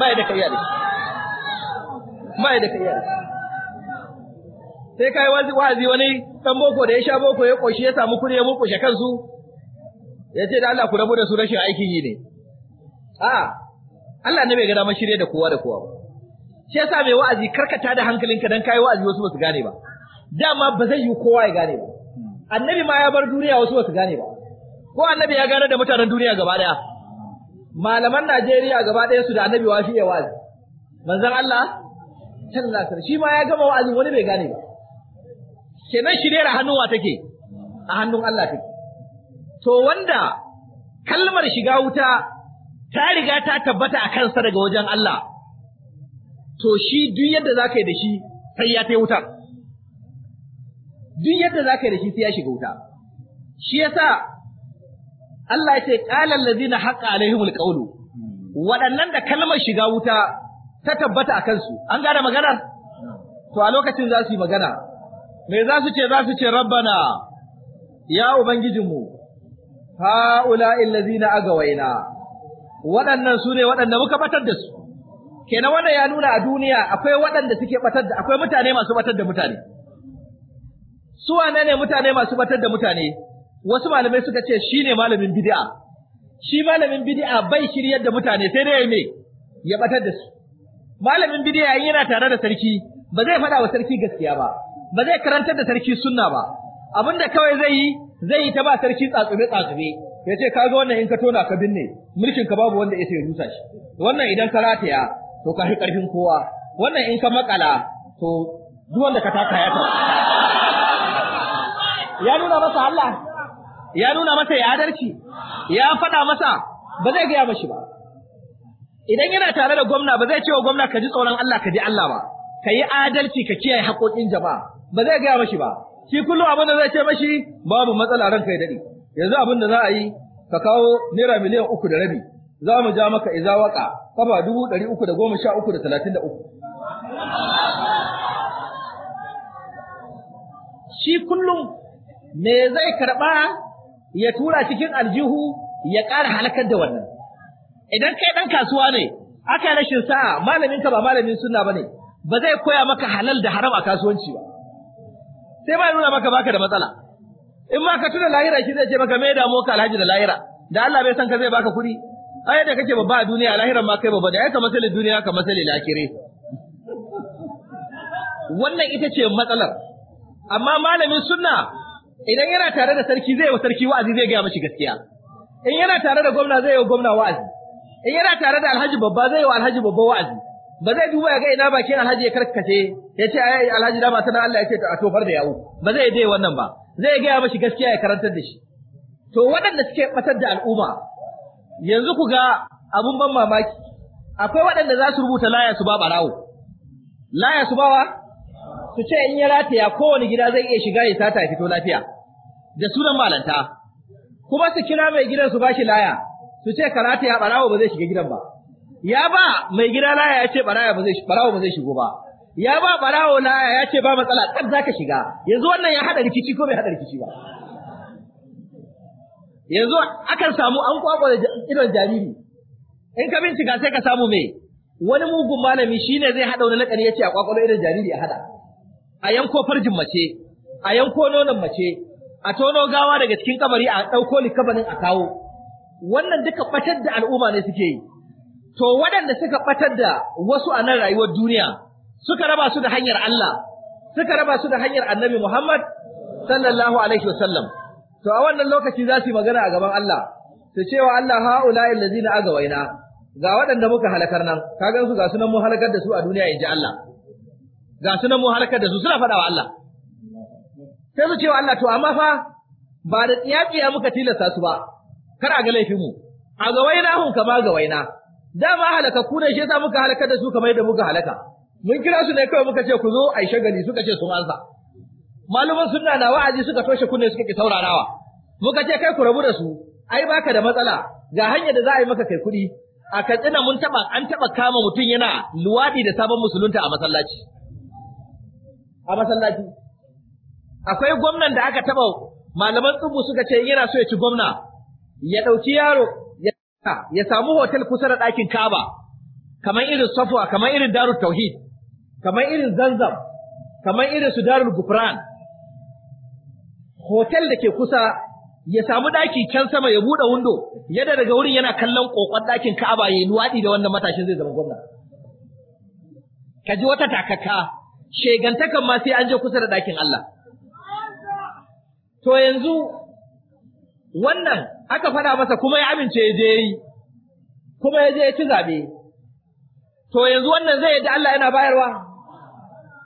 bai da kariya yare bai da kariya sai kai wazi wazi wani dan boko da ya sha boko ya koshi ya samu kuri ya murkushe kansu ya ce da Allah ku rabu da su rashin aikin yi ne a Allah ne bai ga damar shirye da kowa da kowa ba shi yasa mai wa'azi karkata da hankalinka dan kai wa'azi wasu ba su gane ba dama ba zai yi kowa ya gane ba annabi ma ya bar duniya wasu ba su gane ba ko annabi ya gane da mutanen duniya gaba daya malaman Najeriya gaba daya su da annabi washi ya wazi Manzan Allah can alaihi shi ma ya gama wa'azin wani bai gane ba kenan hannun wa take a hannun Allah take to wanda kalmar shiga wuta ta riga ta tabbata a kansa daga wajen Allah to shi duk yadda za ka yi da shi sai ya yi wutar duk yadda za ka yi da shi sai ya shiga wuta shi ya sa, Allah ya ce zina ladina haqa alaihimul qawlu waɗannan da kalmar shiga wuta ta tabbata a kansu an gane maganar to a lokacin za su yi magana me za su ce za su ce rabbana ya ubangijinmu zina allazina agawaina waɗannan su ne waɗanda muka batar da su kenan wanda ya nuna a duniya akwai waɗanda suke batar da akwai mutane masu batar da mutane su wane ne mutane masu batar da mutane wasu malamai suka ce shi ne malamin bid'a shi malamin bid'a bai shiryar da mutane sai dai me ya batar da su malamin bid'a yana tare da sarki ba zai faɗa wa sarki gaskiya ba ba zai karantar da sarki sunna ba abinda kawai zai yi zai yi ta ba sarki tsatsube tsatsube ya ce kaga wannan in ka tona ka binne mulkin ka babu wanda ya sai rusa shi wannan idan ka rataya to ka shi karfin kowa wannan in ka makala to duk wanda ka taka ya ta. ya nuna masa Allah ya nuna masa ya adalci ya faɗa masa ba zai gaya mashi ba idan yana tare da gwamna ba zai ce wa gwamna ka ji tsoron Allah ka ji Allah ba ka yi adalci ka kiyaye haƙoƙin jama'a ba zai gaya mashi ba shi kullum abin da zai ce mashi babu matsala ran kai yanzu abin da za a yi ka kawo naira miliyan uku da rabi za mu ja maka iza waka kafa dubu ɗari uku da goma sha uku da talatin da uku shi kullum me zai karɓa ya tura cikin aljihu ya ƙara halakar da wannan idan kai dan kasuwa ne aka rashin sa'a malamin ka ba malamin sunna bane ba zai koya maka halal da haram a kasuwanci ba sai ba nuna maka baka da matsala in ma ka tuna lahira shi zai ce maka da damuwa ka alhaji da lahira da Allah bai san ka zai baka kuɗi ai da kake babba a duniya lahiran ma kai babba da ai ka masalin duniya ka masalin lakire wannan ita ce matsalar amma malamin sunna idan yana tare da sarki zai wa sarki wa'azi zai gaya mashi gaskiya in yana tare da gwamna zai wa gwamna wa'azi in yana tare da alhaji babba zai wa alhaji babba wa'azi ba zai duba ya ga ina bakin alhaji ya karkace ya ce ai alhaji da sanan Allah ya ce a tofar da yawo ba zai dai wannan ba zai gaya mashi gaskiya ya karantar da shi to waɗanda suke batar da al'umma yanzu ku ga abun ban mamaki akwai waɗanda za su rubuta laya su ba barawo laya su bawa su ce in ya rataya kowane gida zai iya shiga ya sata ya fito lafiya da sunan malanta kuma su kira mai gidan su bashi laya su ce ka rataya barawo ba zai shiga gidan ba ya ba mai gida laya ya ce barawo ba zai barawo ba zai shigo ba ya ba barawo laya ya ce ba matsala kar zaka shiga yanzu wannan ya hada rikici ko bai hada rikici ba yanzu akan samu an kwakwa idon jariri in ka bincika sai ka samu mai wani mugun malami shine zai hada wani lakani ya ce a kwakwalo idon jariri a hada a yanko farjin mace, a yanko nonon mace, a tono gawa daga cikin kabari a ɗauko likabanin a kawo. Wannan duka ɓatar da al'umma ne suke yi. To waɗanda suka ɓatar da wasu a nan rayuwar duniya, suka raba su da hanyar Allah, suka raba su da hanyar annabi Muhammad sallallahu alaihi wasallam. To a wannan lokaci za su yi magana a gaban Allah, su cewa Allah ha'ula'i lazina aga waina, ga waɗanda muka halakar nan, ka gan su ga sunan mun halakar da su a duniya in ji Allah. ga su nan mu da su suna faɗa wa Allah sai su ce wa Allah to amma fa ba da tsiyatsiya muka tilasta su ba kar a ga laifinmu. a ga waina hun kama ga waina dama halaka ku ne shi yasa muka halakar da su kamar yadda muka halaka mun kira su ne kawai muka ce ku zo yi shagali suka ce sun ansa malumin sunna na wa'azi suka toshe kunne suka ki wa. muka ce kai ku rabu da su ai baka da matsala ga hanyar da za a yi maka kai kuɗi a katsina mun taɓa an taɓa kama mutum yana luwaɗi da sabon musulunta a masallaci a masallaci akwai gwamnan da aka taɓa malaman tsubu suka ce yana so ya ci gwamna ya dauki yaro ya samu hotel kusa da ɗakin Kaaba kamar irin Safwa kamar irin darul Tauhid kamar irin Zanzam kamar irin su Darul Gufran hotel da ke kusa ya samu ɗaki can sama ya buɗe windo yadda daga wurin yana kallon ƙoƙon ɗakin Ka'aba ya yi luwaɗi da wannan matashin zai zama gwamna. Ka ji wata takaka shegantakan ma sai an je kusa da ɗakin Allah. To yanzu wannan aka faɗa masa kuma ya amince ya je yi, kuma ya je ya ci zaɓe. To yanzu wannan zai yadda Allah yana bayarwa.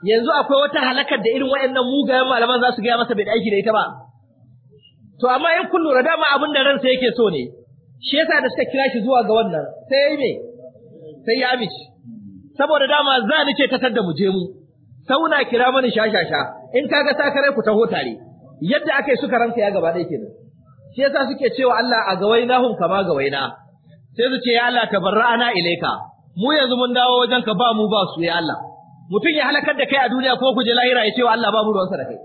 Yanzu akwai wata halakar da irin waɗannan mugayen malaman za su gaya masa bai aiki da ita ba. To amma in kun lura dama abin da ransa yake so ne, shi yasa da suka kira shi zuwa ga wannan, sai ya yi me? Sai ya amince. Saboda dama za ni ce ta da mu je mu. sauna kira mani shashasha in kaga sakarai ku taho tare yadda akai suka ranta ya gaba ɗaya kenan shi yasa suke cewa Allah a hun kama gawaina sai su ce ya Allah tabarra'ana ilaika mu yanzu mun dawo wajen ka ba mu ba su ya Allah mutum ya halakar da kai a duniya ko kuje lahira ya cewa Allah babu ruwansa da kai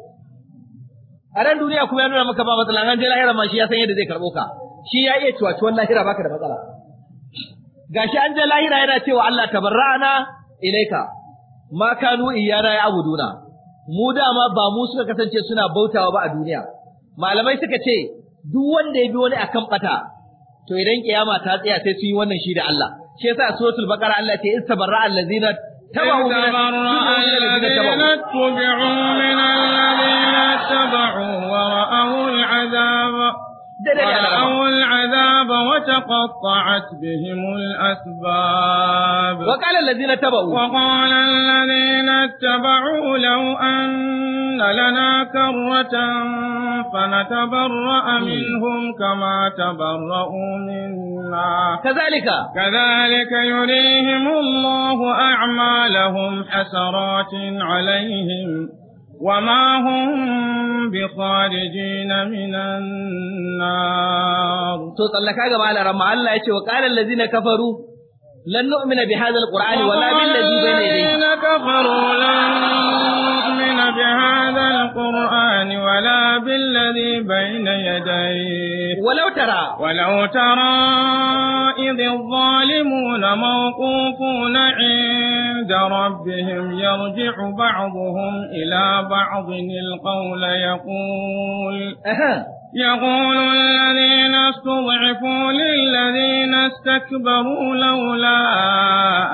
a ran duniya kuma ya nuna maka ba matsala an je lahira ma shi ya san yadda zai karɓo ka shi ya iya cewa tuwon lahira baka da matsala gashi an je lahira yana cewa Allah tabarra'ana ilaika ma kanu iyana ya abuduna mu dama ba mu suka kasance suna bautawa ba a duniya malamai suka ce duk wanda ya bi wani akan bata to idan kiyama ta tsaya sai su yi wannan shi da Allah shi yasa suratul baqara Allah ce istabarra allazina tabu min allazina tabu min allazina tabu wa ورأوا العذاب وتقطعت بهم الأسباب وقال الذين اتبعوا وقال الذين اتبعوا لو أن لنا كرة فنتبرأ منهم كما تبرأوا منا كذلك كذلك يريهم الله أعمالهم حسرات عليهم وما هم بخارجين من النار تو تسلكا غبا على رما الله يتي وقال الذين كفروا لن نؤمن بهذا القرآن ولا بالذي بين يديه الذين كفروا لن بهذا القرآن ولا بالذي بين يديه ولو ترى ولو ترى إذ الظالمون موقوفون عند ربهم يرجع بعضهم إلى بعض القول يقول أه. يقول الذين استضعفوا للذين استكبروا لولا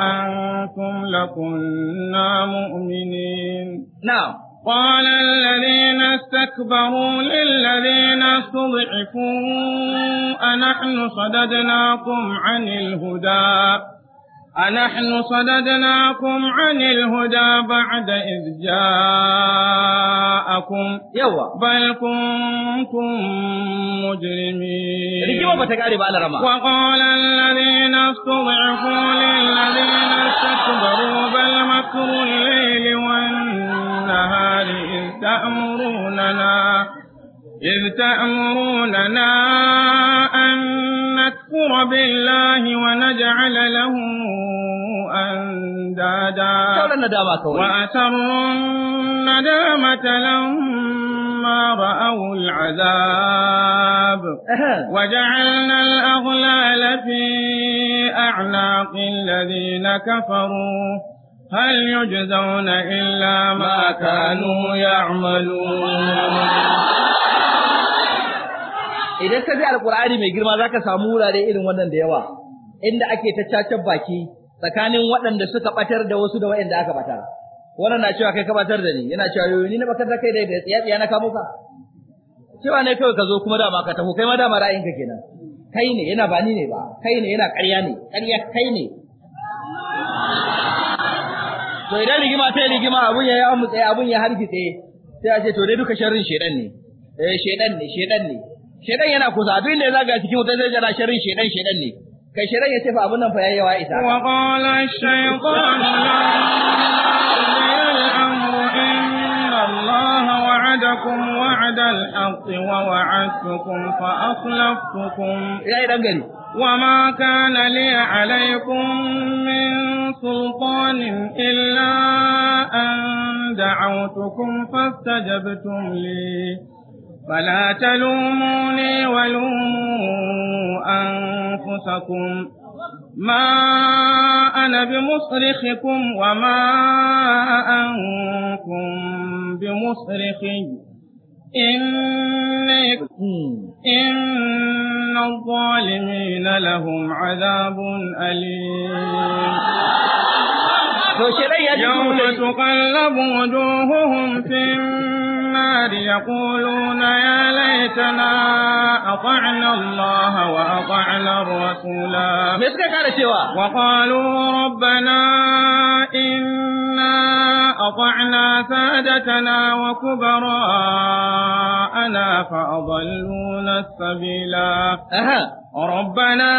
أنتم لكنا مؤمنين نعم قال الذين استكبروا للذين استضعفوا أنحن صددناكم عن الهدى أنحن صددناكم عن الهدى بعد إذ جاءكم يوا بل كنتم مجرمين وقال الذين استضعفوا للذين استكبروا بل مكر الليل والنهار إذ تأمروننا إذ تأمروننا أن نكفر بالله ونجعل له أندادا وأسروا الندامة لما رأوا العذاب وجعلنا الأغلال في أعناق الذين كفروا هل يجزون إلا ما كانوا يعملون idan ka ji alqur'ani mai girma zaka samu wurare irin wannan da yawa inda ake ta cacar baki tsakanin waɗanda suka batar da wasu da waɗanda aka batar wannan na cewa kai ka batar da ni yana cewa yoyo ni na bakar da kai dai da tsiya tsiya na kamo ka cewa ne kawai ka zo kuma da ma ka taho kai ma da ra'ayin ka kenan kai ne yana ba ni ne ba kai ne yana ƙarya ne ƙarya kai ne to idan rigima ta rigima abun ya yi tsaye abun ya tsaye sai a ce to dai duka sharrin shedan ne eh shedan ne shedan ne shedan yana kusa duk inda ya zaga cikin wuta zai jira sharrin shedan shedan ne kai shedan ya ce fa abun nan fa yayi yawa ita wa qala shaytan وعدكم وعد الحق ووعدتكم فأخلفتكم وما كان لي عليكم من سلطان إلا أن دعوتكم فاستجبتم لي فلا تلوموني ولوموا أنفسكم ما أنا بمصرخكم وما أنتم بمصرخي إني إن الظالمين لهم عذاب أليم يوم تقلب وجوههم في النار يقولون يا ليتنا أطعنا الله وأطعنا الرسولا وقالوا ربنا إن إنا أطعنا سادتنا وكبراءنا فأضلونا السبيلا ربنا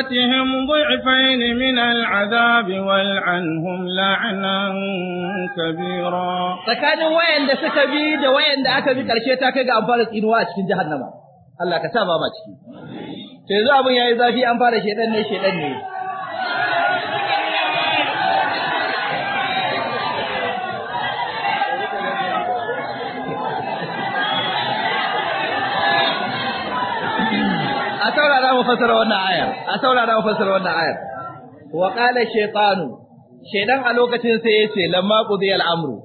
آتهم ضعفين من العذاب والعنهم لعنا كبيرا tsakanin wayanda suka bi da wayanda aka bi karshe ta kai ga an fara a cikin jahannama Allah ka sa ma ciki yayi zafi an fara ne ne a saurara mu fasara wannan ayar a saurara mu fasara wannan ayar wa qala shaytanu shaydan a lokacin sai ya lamma qudi al'amru.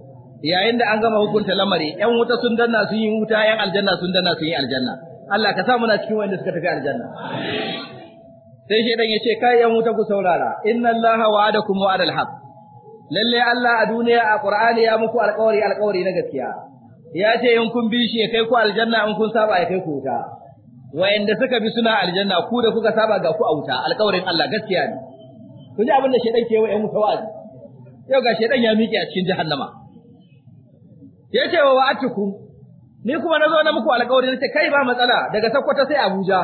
yayin da an gama hukunta lamari yan wuta sun danna sun yi wuta yan aljanna sun danna sun yi aljanna Allah ka sa muna cikin wanda suka tafi aljanna sai shaydan yace kai yan wuta ku saurara inna Allaha wa'adakum wa'adal haqq lalle Allah a duniya a Qur'ani ya muku alƙawari alƙawari na gaskiya ya ce in kun bi shi ya kai ku aljanna in kun saba ya kai ku wuta wayanda suka bi suna aljanna ku da kuka saba ga ku a wuta alƙawarin Allah gaskiya ne ku ji abin da shedan ke wa ƴan wuta wa'azi yau ga shedan ya miƙe a cikin jahannama yace wa wa'atukum ni kuma na zo na muku alƙawari ce kai ba matsala daga Sakkwata sai Abuja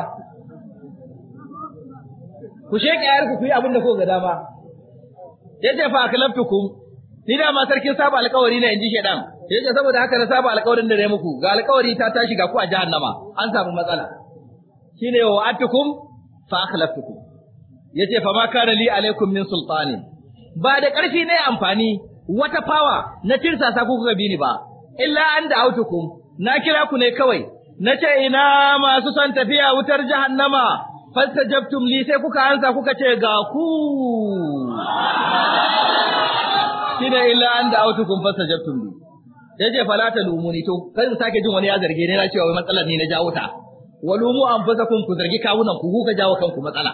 ku sheke yar ku yi abin da ku ga dama yace fa aklaftukum ni da ma sarki saba alƙawari ne inji shedan yace saboda haka na saba alƙawarin da ne muku ga alƙawari ta tashi ga ku a jahannama an samu matsala ne wa atikum fa akhlaftukum yace fa ma kana li alaikum min sultani ba da karfi ne amfani wata fawa na sa ku ga bi ni ba illa an da autukum na kira ku ne kawai nace ina masu son tafiya wutar jahannama fastajabtum li sai kuka ansa kuka ce ga ku (laughs) shine illa an da autukum fastajabtum li yace fala ta lumuni to kai sake jin wani ya zarge ne na cewa wai matsalar ne na jawo ta walumu anfusakum ku zargi kawunan ku kuka jawo kanku matsala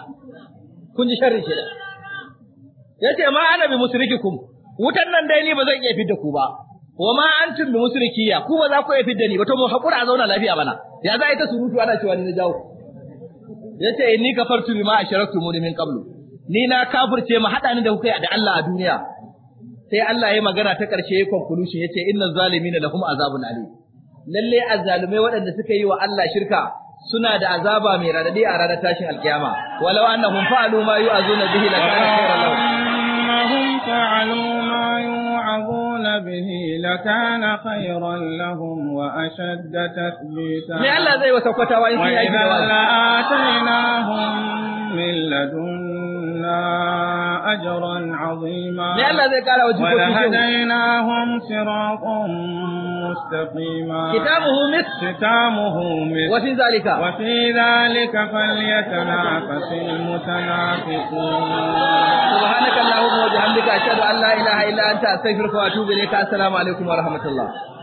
kun ji sharri ce yace ma ana bi musrikikum wutan nan dai ni ba zan iya fidda ku ba wa ma antum bi musrikiya ku ba za ku iya fidda ni ba to mu hakura a zauna lafiya bana ya za a yi ta surutu ana cewa ni na jawo yace inni kafartu bima asharaktumuni min qablu ni na kafirce mu hada ni da kuka da Allah a duniya sai Allah ya magana ta ƙarshe ya conclusion ya ce inna zalimina lahum azabun alim lalle azzalumai waɗanda suka yi wa Allah shirka suna da azaba mai radadi a ranar tashin alkiyama walau annahum fa'alu ma yu'azuna bihi lakana khairan lahum annahum fa'alu ma yu'azuna bihi lakana khairan lahum wa ashadda tathbita me Allah zai wasa kwatawa in sun yi aiki da wa la atainahum min ladun لنا أجرا عظيما نعم ولهديناهم صراطا مستقيما كتابه مثل كتابه مثل وفي ذلك وفي ذلك فليتنافس المتنافسون سبحانك اللهم وبحمدك أشهد أن لا إله إلا أنت أستغفرك وأتوب إليك السلام عليكم ورحمة الله